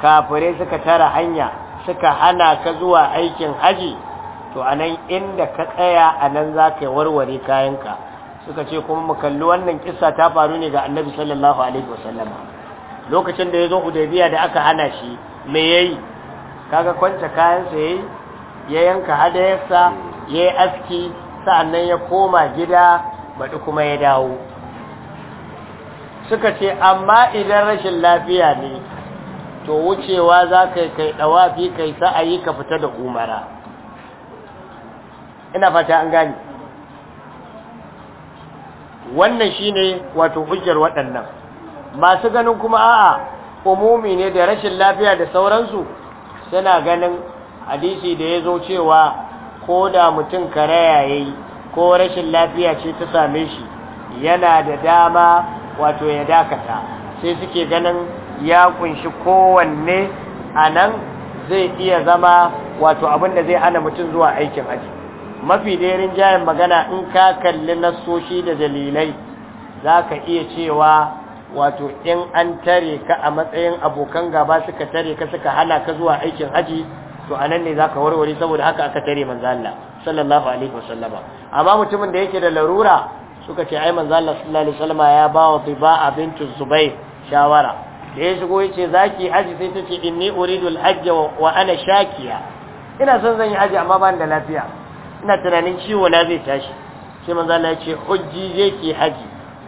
[SPEAKER 1] kafirai suka tara hanya suka hana ka zuwa aikin haji to anan inda ka tsaya anan za ka warware kayanka suka ce kuma mu kalli wannan kisa ta faru ne ga annabi sallallahu alaihi wasallam lokacin da ya zo hudaybiya da aka hana shi me yayi kaga kwance kayansa yayi ya yanka hadayarsa ya yi aski sa'annan ya koma gida baɗi kuma ya dawo suka ce amma idan rashin lafiya ne to wucewa za ka kai ɗawafi kai sa'ayi ka fita da umara ina fata an gane wannan shine wato hujjar waɗannan masu ganin kuma a'a umumi ne da rashin lafiya da sauransu suna ganin hadisi da ya zo cewa ko da mutum karaya yayi ko rashin lafiya ce ta same shi yana da dama wato ya dakata sai suke ganin ya kunshi kowanne a nan zai iya zama wato abinda zai hana mutum zuwa aikin aji mafi dairin jayin magana in ka kalli nassoshi da dalilai za ka iya cewa wato in an tare ka a matsayin abokan gaba suka tare ka suka hana ka zuwa aikin haji to a nan ne za ka warware saboda haka aka tare Allah sallallahu alaihi wasallama amma mutumin da yake da larura suka ce ai Allah sallallahu alaihi wasallama ya ba wa biba bintu zubair shawara da ya shigo yace zaki za ki haji sai tace ce inni uridul hajja wa ana shakiya ina son zan yi haji amma ban da lafiya ina tunanin ciwo na zai tashi sai manzo Allah ya ce hujji zai ki haji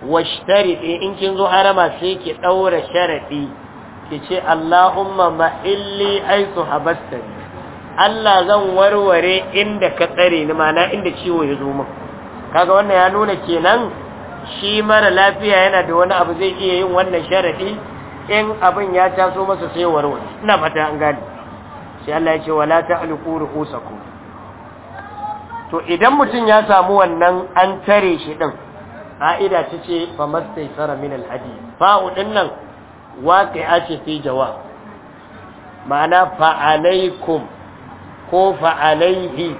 [SPEAKER 1] washtaridi eh, in kin zo harama sai ki daura sharadi ki ce Allahumma illi aitu habastani Allah zan warware inda ka tsare ni mana inda ciwo ya zo min kaga wannan ya nuna kenan shi mara lafiya yana da wani abu zai iya yin wannan sharadi in abin ya taso masa sai warware ina fata an gani sai Allah ya ce wala ta'alqu ruhusakum to idan mutum ya samu wannan an tare shi din ka'ida ta ce fa mastaysara min alhadi fa'u din nan a ce fi jawab ma'ana alaikum ko alaihi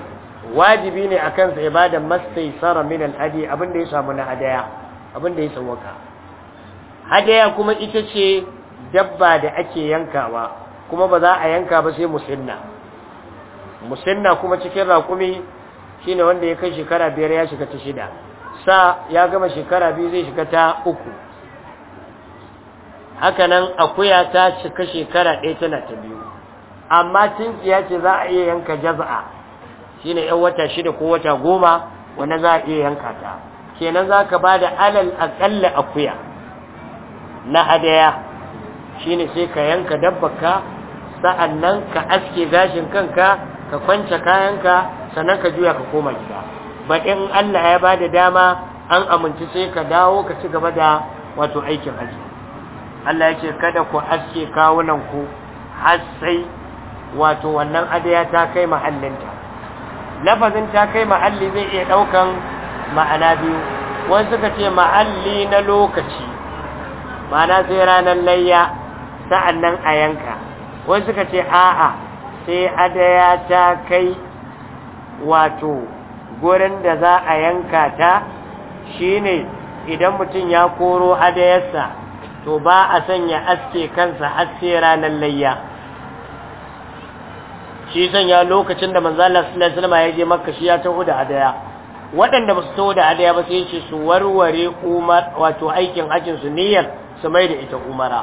[SPEAKER 1] wajibi ne akan sa ibadan mastaysara min alhadi abinda ya samu na hadaya abinda ya sawaka hadaya kuma ita ce dabba da ake yankawa kuma ba za a yanka ba sai musinna musinna kuma cikin raƙumi Shi ne wanda ya kai shekara biyar ya shiga ta shida sa ya gama shekara biyu zai shiga ta uku hakanan akuya ta cika shekara ɗaya tana ta biyu amma tinkiya ce za a iya yanka jaza'a ne yan wata shida ko wata goma wanda za a iya yanka ta kenan za ka ba da alal aƙalla akuya na hadaya ne sai ka yanka dabbaka sa'annan ka aske gashin kanka ka kwance kayanka sannan ka juya ka koma gida ba in Allah ya bada dama an amince sai ka dawo ka ci gaba da wato aikin haji Allah ya ce kada ku aske kawunan ku har sai wato wannan adaya ta kai mahallinta lafazin ta kai mahalli zai iya ɗaukan ma'ana biyu wani suka ce mahalli na lokaci ma'ana sai ranar layya sa'annan a yanka wani suka ce a'a sai adaya ta kai wato gurin da za a yanka ta shine idan mutum ya koro adayarsa to ba a sanya aske kansa aske ranar layya shi sanya lokacin da manzala sallallahu alaihi ya je makka shi ya taho da adaya waɗanda ba su taho da adaya ba sai su warware umar wato aikin hajjin su niyyar su mai da ita umara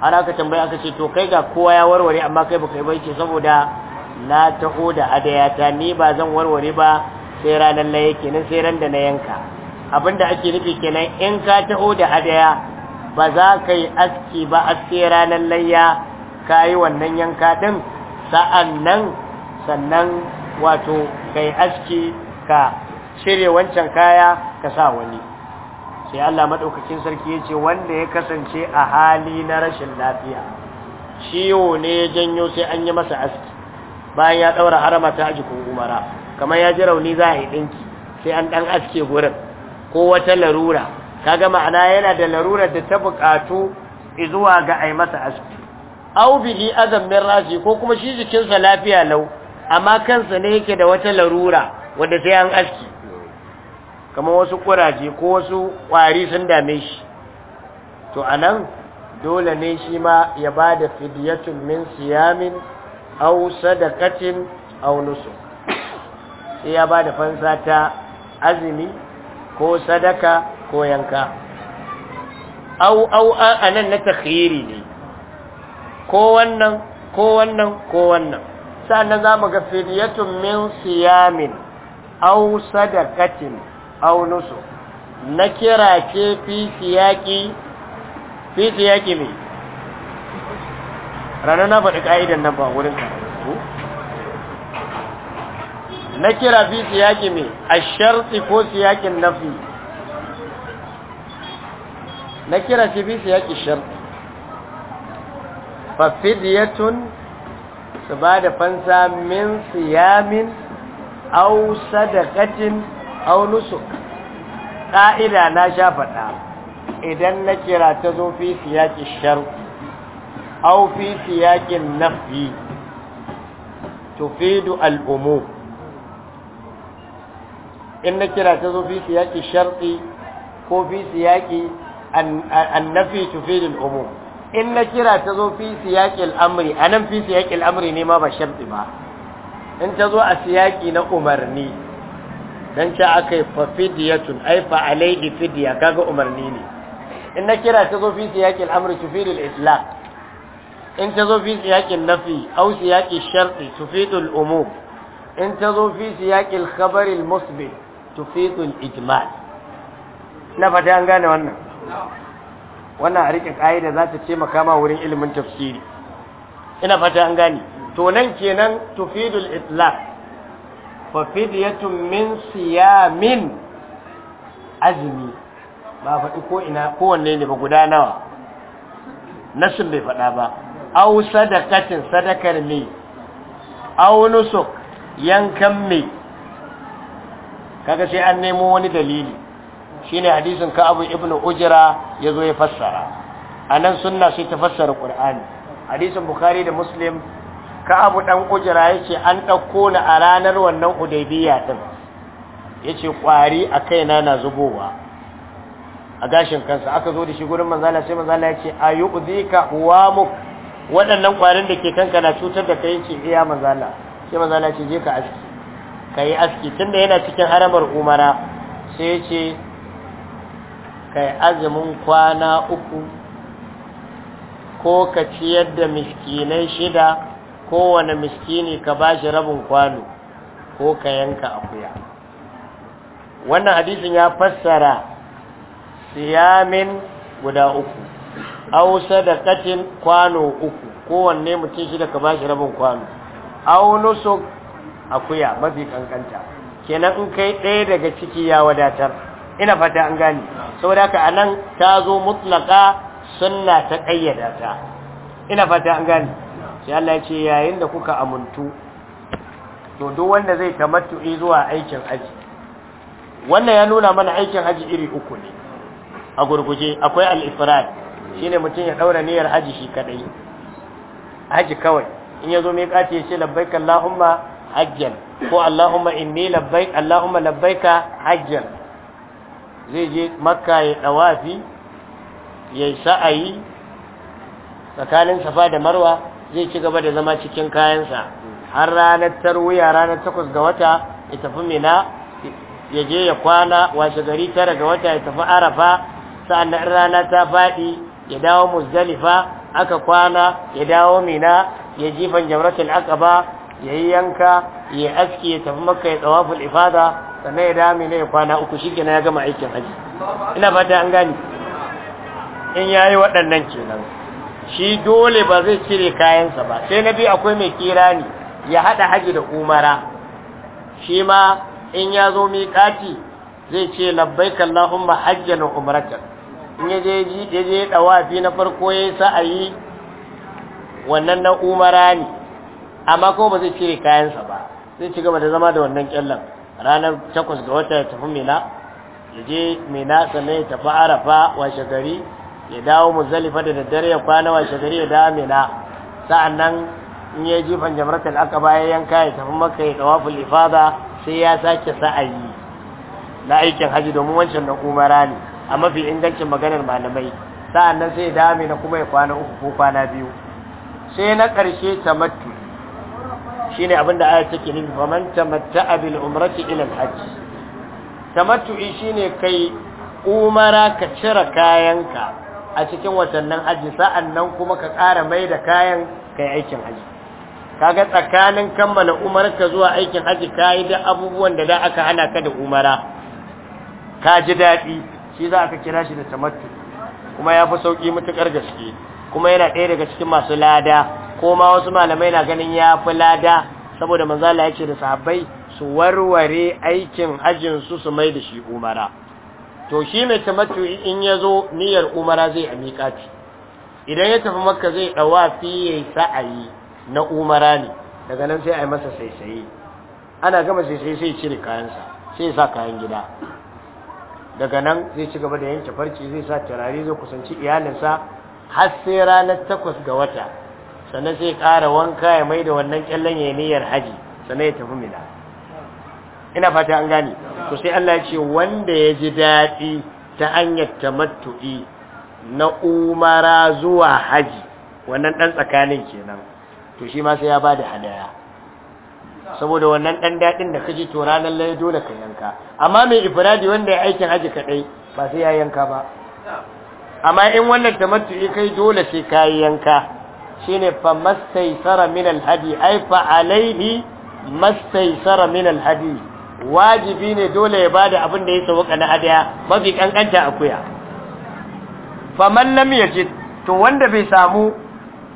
[SPEAKER 1] har aka tambaya aka ce to kai ga kowa ya warware amma kai baka yi ba yake saboda na taho da adayata ni ba zan warware ba sai ranar yake kenan sai ran da na yanka abinda ake nufi kenan in ka taho da adaya ba za ka yi aski ba a sai ranar layya ka yi wannan yanka din sa'an nan sannan wato ka aski ka cire wancan kaya ka sa wani sai Allah maɗaukakin sarki ya ce wanda ya kasance a hali na rashin lafiya ciwo ne ya janyo sai an yi masa aski bayan ya daura harama ta haji umara kamar ya ji rauni za a yi ɗinki sai an ɗan aske gurin ko wata larura Ka ga ma'ana yana da larurar da ta buƙatu zuwa ga a yi masa aski au bihi azam min rashi ko kuma shi jikinsa lafiya lau amma kansa ne yake da wata larura wanda sai an aski kamar wasu kuraje ko wasu ƙwari sun dame shi to anan dole ne shi ma ya ba da fidyatun min siyamin aw sadaqatin aw nusuk sai ya bada fansa ta azumi ko sadaka ko yanka aw aw anan na takhiri ne ko wannan ko wannan ko wannan sannan zamu ga fidyatun min siyamin aw sadaqatin aw nusuk na kira ce fi siyaki fi siyaki ne ranar na faɗi ƙa'idan nan ba wurin ka na kira fi siyaki mai a sharti ko siyakin nafi na kira shi fi siyaki sharti fafidiyatun su ba da fansa min siyamin au sadakatin au nusuk ƙa'ida na sha faɗa idan na kira ta zo fi siyaki sharti aw fi siyaqin nafi tufidu al in na kira ta zo fi siyaqi sharti ko fi siyaqi an-nafi tufidu al in na kira ta zo fi siyaqi al-amri anan fi amri ne ma ba ba in ta zo a na umarni dan ta akai fa fidiyatun ay fa alayhi fidiya kaga umarni ne in na kira ta zo fi siyaqi amri tufidu itlaq in ta zo fi siyaƙin nafi au siyaƙin sharɗi tufidul umum in ta zo fi siyaƙin khabaril musbi tufidul ijmal na fata an gane wannan wannan a riƙe ƙa'ida za ta ce makama wurin ilimin tafsiri ina fata an gane to nan kenan tufidul itlaq fa fidyatun min siyamin azmi ba faɗi ko ina kowanne ne ba guda nawa nashin bai faɗa ba au sadakatin sadakar me au nusuk yankan me kaga sai an nemo wani dalili shine hadisin abu ibnu Ujra yazo ya fassara anan sunna sai ta fassara Qur'ani hadisin Bukhari da Muslim abu dan Ujra yace an dauko ni a ranar wannan Hudaybiya din yace kwari a kaina na zubowa a gashin kansa aka zo da shi gurin manzala sai manzala yace wa huwamuk waɗannan ƙwarin da ke kanka na cutar da kayan ce iya eh, mazala sai mazala ce je ka aski ka yi aski tunda yana cikin haramar umara sai ya ce ka yi azumin kwana uku ko ka ciyar da miskinai shida kowane miskini ka ba shi rabin kwano ko ka yanka akuya wannan hadisin ya fassara siyamin guda uku da sadaqatin kwano uku kowanne mutum shi da ka bashi rabin kwano au nusuk akuya mafi kankanta kenan in kai ɗaya daga ciki ya wadatar ina fata an gane saboda haka anan ta zo mutlaka sunna ta kayyada ta ina fata an gane sai Allah ya ce yayin da kuka amuntu to duk wanda zai tamattu'i zuwa aikin haji wannan ya nuna mana aikin haji iri uku ne a gurguje akwai al-ifrad shine mutum ya daura niyyar haji shi kadai haji kawai in yazo mai kati ya ce labbaik allahumma hajjan ko allahumma inni labbaik allahumma labbaika hajjan zai je makka ya dawafi ya sa'ayi tsakanin safa da marwa zai ci gaba da zama cikin kayansa har ranar tarwiya ranar takwas ga wata ya tafi mina ya je ya kwana washe gari tara ga wata ya tafi arafa sa'an sa'annan rana ta faɗi ya dawo muzdalifa aka kwana ya dawo mina ya jifan jamratul aqaba ya yi yanka ya aski ya tafi makka ya tsawaful ifada sannan ya dawo mina ya kwana uku shike na ya gama aikin haji ina fata an gani in yayi waɗannan kenan shi dole ba zai cire kayansa ba sai na biyu akwai mai kira ni ya haɗa haji da umara shi ma in ya zo miƙati zai ce labbaik Allahumma hajjan wa umratan in ya je ya na farko ya yi sa'ayi wannan na umara ne amma ko ba zai cire kayansa ba zai ci gaba da zama da wannan kyallan ranar takwas ga wata ya tafi Mina ya je Mina sannan ya tafi Arafa washe gari ya dawo muzalifa da daddare ya kwana washe gari ya dawo Mina sa'annan in ya ji fanjamratul aka ya yanka ya tafi maka ya ɗawafi ifada sai ya sake sa'ayi na aikin haji domin wancan na umara ne a mafi ingancin maganar malamai sa'an nan sai dame na kuma ya kwana uku ko kwana biyu sai na ƙarshe tamattu shi ne abinda ayat take nufi faman tamatta'a bil umrati ila al in shi ne kai umara ka cire kayanka a cikin watannin haji sa'an nan kuma ka ƙara mai da kayan kai aikin haji kaga tsakanin kammala umarka zuwa aikin haji yi da abubuwan da da aka hana ka da umara ka ji daɗi shi za aka kira shi da tamattu kuma ya fi sauki mutukar gaske kuma yana ɗaya daga cikin masu lada ko ma wasu malamai na ganin ya fi lada saboda manzala ya ce da sahabbai su warware aikin ajin su su mai da shi umara to shi mai tamattu in ya zo niyyar umara zai a miƙati idan ya tafi makka zai ɗawa fiye sa'ayi na umara ne daga nan sai a yi masa saisaye ana gama saisaye sai cire kayansa sai sa kayan gida daga nan zai ci gaba da yanke farci zai sa turare zai kusanci iyalinsa har sai ranar takwas ga wata sannan sai ƙara wanka ya mai da wannan kyallon ya niyyar haji sannan ya tafi mina ina fata an gane to sai Allah ya ce wanda ya ji daɗi ta hanyar tamattu'i na umara zuwa haji wannan ɗan tsakanin kenan to shi ma sai ya ba da hadaya saboda wannan dan dadin da kaji to ranar laye dole ka yanka amma mai ifradi wanda ya aikin haji kadai ba sai ya yanka ba amma in wannan tamattu'i kai dole sai ka yanka shine fa mastaysara min alhadi ay fa alaihi mastaysara min alhadi wajibi ne dole ya bada abin da ya sauka na hadaya mafi kankanta akuya faman lam yajid to wanda bai samu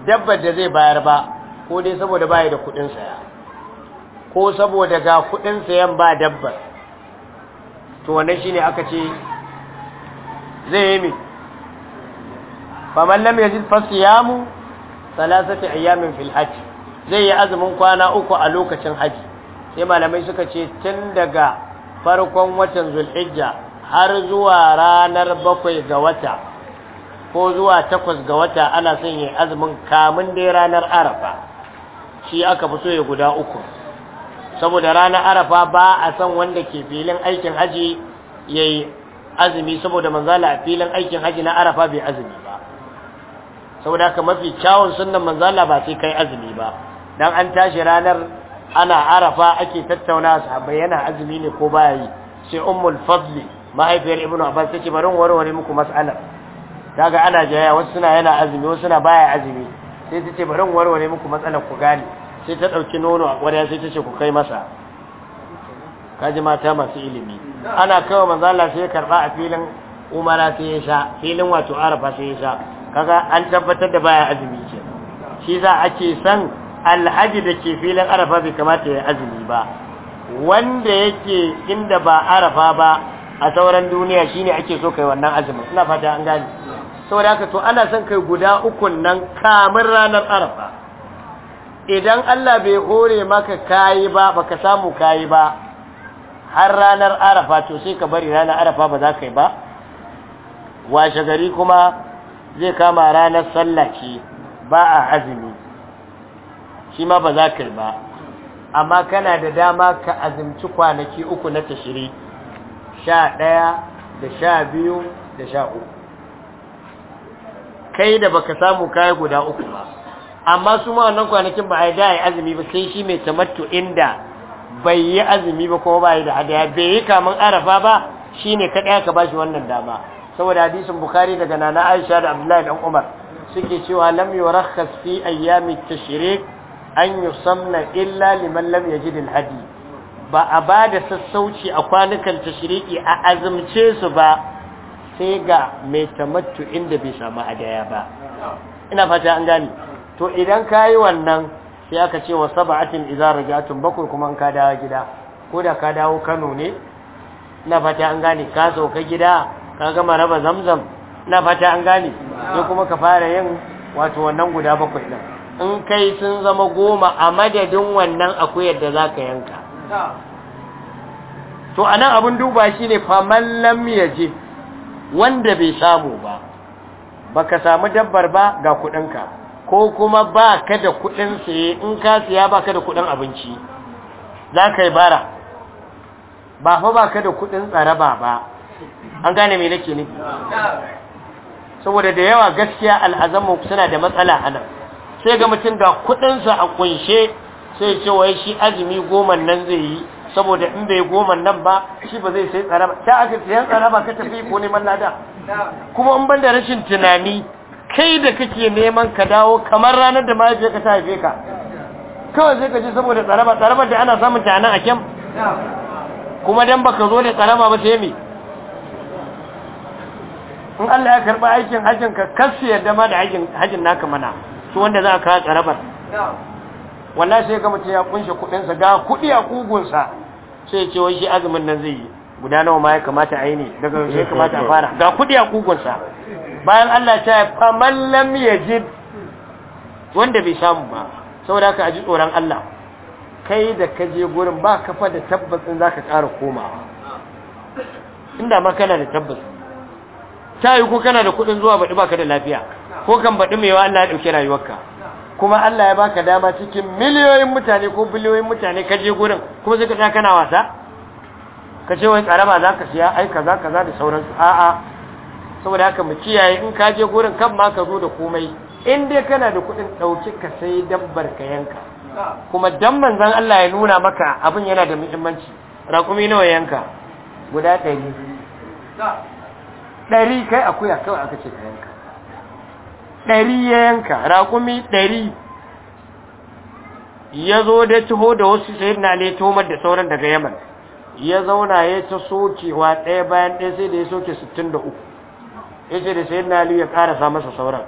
[SPEAKER 1] dabbar da zai bayar ba ko dai saboda baya da kudin saya ko saboda ga kudin sayan ba dabba to wannan shine aka ce zai yi mi lam yajid fasiyamu salasati ayamin fil hajj zai yi azumin kwana uku a lokacin haji sai malamai suka ce tun daga farkon watan zulhijja har zuwa ranar bakwai ga wata ko zuwa takwas ga wata ana son yin azumin kamun dai ranar arafa shi aka fi so ya guda uku saboda ranar arafa ba a san wanda ke filin aikin haji ya yi azumi saboda manzala a filin aikin haji na arafa bai azumi ba saboda ka mafi kyawun sunan manzala ba sai kai azumi ba don an tashi ranar ana arafa ake tattauna sahabbai yana azumi ne ko baya yi sai ummul fadli mahaifiyar ibnu abbas tace barin warware muku mas'alar kaga ana jaya wasu suna yana azumi wasu suna baya azumi sai tace barin warware muku matsalar ku gane sai ta ɗauki nono a ƙwarya sai ta ce ku kai masa kaji mata masu ilimi ana kawo manzala sai ya karɓa a filin umara sai ya sha filin wato arafa sai ya sha kaga an tabbatar da baya azumi ce shi za a ke san alhaji da ke filin arafa bai kamata ya azumi ba wanda yake inda ba arafa ba a sauran duniya shine ake so kai wannan azumin ina fata an gane saboda haka to ana son kai guda ukun nan kamar ranar arafa idan Allah bai hore maka kayi ba baka samu kayi ba har ranar arafa to sai ka bari ranar arafa ba za ka yi ba washe gari kuma zai kama ranar sallah ba a azumi shi ma ba za ka yi ba amma kana da dama ka azumci kwanaki uku na tashiri sha ɗaya da sha biyu da sha uku kai da baka samu kayi guda uku ba amma su ma wannan kwanakin ba a da ya azumi ba sai shi mai tamattu inda bai yi azumi ba kuma ba da hadaya bai yi kamun arafa ba shine kadai aka bashi wannan dama saboda hadisin bukhari daga nana aisha da abdullahi dan umar suke cewa lam yurakhas fi ayyami tashrik an yusamna illa liman lam yajid hadi ba a da sassauci a kwanukan tashriki a azumce su ba sai ga mai tamattu inda bai samu hadaya ba ina fata an gane to idan ka yi wannan sai aka ce wa saba'atin idza raja'tum bakwai kuma an ka dawo gida ko da ka dawo Kano ne na fata an gane ka sauka gida ka gama raba zamzam na fata an gane sai kuma ka fara yin wato wannan guda bakwai din in kai sun zama goma a madadin wannan akwai yadda zaka yanka to anan abun duba shi ne faman lam yaje wanda bai samu ba baka samu dabbar ba ga ka ko kuma ba ka da kudin saye in ka siya ba ka da kudin abinci za ka yi bara ba fa ba ka da kudin tsaraba ba an gane mai nake ne saboda da yawa gaskiya al'azamu suna da matsala a nan sai ga mutum ga kudinsa a kunshe sai ce ya shi azumi goma nan zai yi saboda in bai goma nan ba shi ba zai sai tsaraba ta aka siyan tsaraba ka tafi ko neman lada kuma in ban da rashin tunani kai da kake neman ka dawo kamar ranar da mahaifiyar ka ta haife ka kawai sai ka ji saboda tsaraba tsaraba da ana samun ta nan a kyam kuma dan baka zo da tsaraba ba sai me in Allah ya karba aikin hajin ka kasu yadda ma da hajin hajin naka mana su wanda za ka tsarabar wallahi sai ka mutum ya kunshe kudin sa ga kudi a kugun sa sai ce wai shi azumin nan zai yi guda nawa ma ya kamata a yi ne daga ya kamata a fara ga kudi a kugun sa bayan Allah ta faman lam yajid wanda bai samu ba saboda ka ji tsoron Allah kai da ka je gurin ba kafa da tabbacin zaka ƙara komawa inda ma kana da tabbas ta yi ko kana da kuɗin zuwa baɗi baka da lafiya ko kan baɗi mai wa Allah ya ɗauki rayuwarka kuma Allah ya baka dama cikin miliyoyin mutane ko biliyoyin mutane ka je gurin kuma sai ka tsaya kana wasa ka ce wai ba za ka siya aika za ka za da sauransu a'a saboda haka mu kiyaye in ka je gurin kan ma ka zo da komai in dai kana da kuɗin ɗauki ka sai dabbar ka yanka kuma dan manzon Allah ya nuna maka abin yana da muhimmanci raƙumi nawa yanka guda ɗari ɗari kai akuya kawai aka ce ka yanka ɗari ya yanka raƙumi ɗari ya zo da taho da wasu sai na ne tomar da sauran daga yaman ya zauna ya ta sokewa ɗaya bayan ɗaya sai da ya soke 63 yace da sayyidina ali ya karasa masa sauran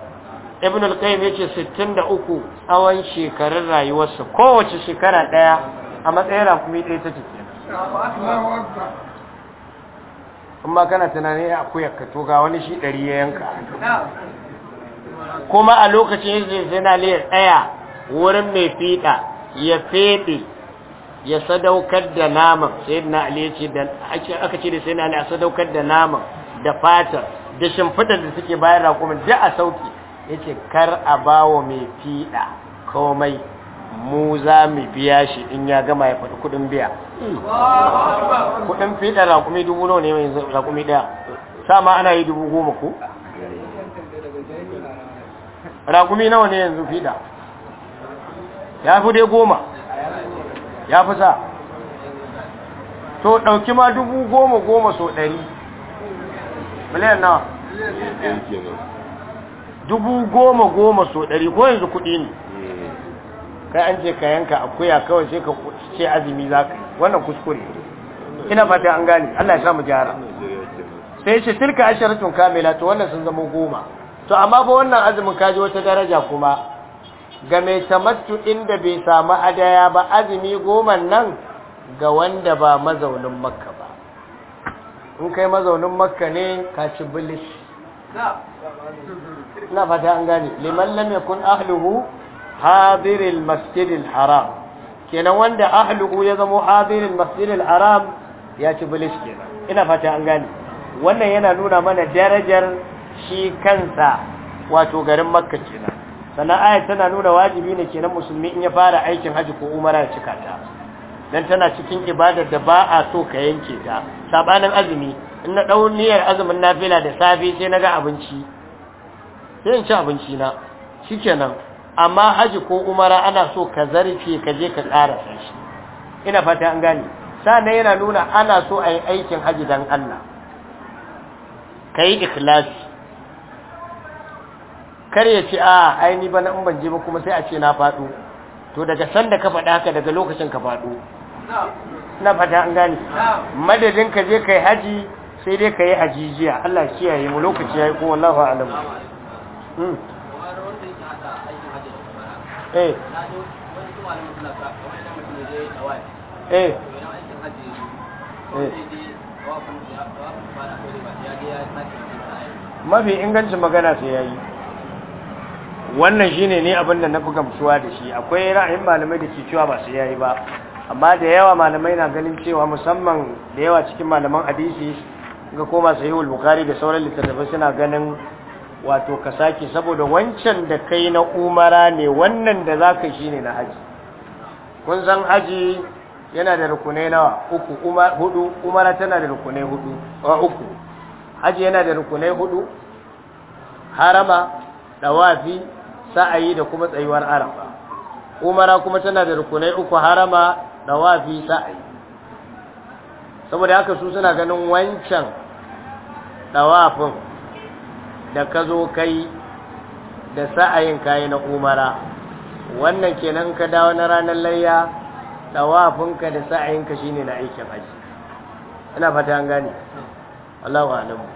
[SPEAKER 1] ibn al-qayyim yace 63 tsawon shekarun rayuwarsa kowace shekara daya a matsayin rakumi ɗaya ta cikin amma kana tunanin ya akuyar ka to ga wani shi ɗari ya yanka kuma a lokacin yanzu yana liya tsaya wurin mai fiɗa ya feɗe ya sadaukar da naman sai na ali ya ce da aka ce da sai na ali a sadaukar da naman da fatar da shimfidar da suke da raƙumin da a sauki ya ce kar a bawo mai fiɗa komai mu za mu biya shi in ya gama ya faɗi kuɗin biya kuɗin fiɗa raƙumi dubu nawa ne mai raƙumi ɗaya sama ana yi dubu goma ko raƙumi nawa ne yanzu fiɗa
[SPEAKER 3] ya fi dai goma ya fi sa to ɗauki
[SPEAKER 1] ma dubu goma goma so ɗari miliyan na dubu goma goma so ɗari ko yanzu kuɗi ne kai an ce ka yanka akuya kawai sai ka ce azumi za ka wannan kuskure ina fata an gane Allah ya samu jara sai ce tilka asharatun kamila to wannan sun zama goma to amma ba wannan azumin kaji wata daraja kuma ga mai tamattu inda bai samu adaya ba azumi goma nan ga wanda ba mazaunin makka in kai mazaunin makka ne ka ci bilis
[SPEAKER 3] na fata an gane
[SPEAKER 1] liman lam yakun ahluhu hadiril masjidil haram kenan wanda ahluhu ya zama hadiril masjidil haram ya ci bilis kenan ina fata an gane wannan yana nuna mana darajar shi kansa wato garin makka kenan sannan ayat tana nuna wajibi ne kenan musulmi in ya fara aikin haji ko umara ya cika ta dan tana cikin ibadar da ba a so ka yanke ta sabanin azumi in na dau niyyar azumin nafila da safe sai naga abinci sai in ci abinci na shikenan amma haji ko umara ana so ka zarfe ka je ka ƙara shi ina fata an gane sannan yana nuna ana so a yi aikin haji dan Allah kai ikhlasi kar ya ce a ah, aini bana in ban je ba kuma sai a ce na faɗo to daga sanda ka faɗa haka daga lokacin ka faɗo na fata an gane madadin ka je kai haji sai dai kai hajijiya Allah kiyaye mu lokaci yayi hmm. eh. eh. eh. ko wallahi alamu mafi ingancin magana sai yayi wannan shine ne abinda na fi gamsuwa da shi akwai ra'ayin malamai da ke cewa ba sai yayi ba amma da yawa malamai na ganin cewa musamman da yawa cikin malaman hadisi ga koma sahihul bukhari da sauran littattafai suna ganin wato ka saki saboda wancan da kai na umara ne wannan da zaka shine na haji kun san haji yana da rukunai nawa uku umar hudu umara tana da rukunai hudu wa uku haji yana da rukunai hudu harama dawafi sa'ayi da kuma tsayuwar arafa umara kuma tana da rukunai uku harama dawafi ai saboda haka su suna ganin wancan dawafin da ka zo kai da sa'ayin kayi na umara wannan kenan ka dawo na ranar layya dawafinka da sa'ayinka shine na aikin haji ina fata an gane Allahu a'lamu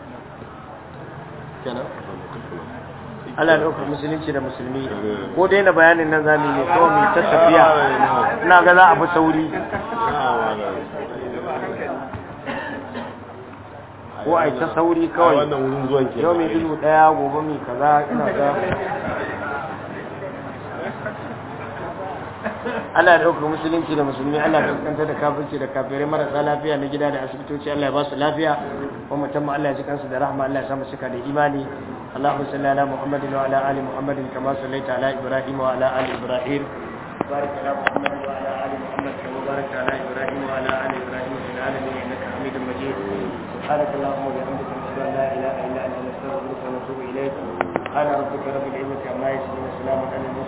[SPEAKER 1] kenan Allah da ɗauka musulunci da musulmi ko dai na bayanin nan zamu yi ko mu ta tafiya ina ga za a bi sauri ko a ta sauri kawai yau mai dubu daya gobe mai kaza ina ga Allah ya ɗauka musulunci da musulmi Allah ya kankanta da kafirci da kafirai marasa lafiya na gida da asibitoci Allah ya ba su lafiya kuma tamma Allah ya ji kansu da rahama Allah ya samu cika da imani اللهم صل على محمد وعلى ال محمد كما صليت على ابراهيم وعلى ال ابراهيم بارك على محمد وعلى ال محمد كما باركت على ابراهيم وعلى ال ابراهيم في العالمين انك حميد مجيد سبحانك اللهم وبحمدك نشهد ان لا اله الا انت نستغفرك ونتوب اليك سبحان ربك رب العزه عما يصفون وسلام على المرسلين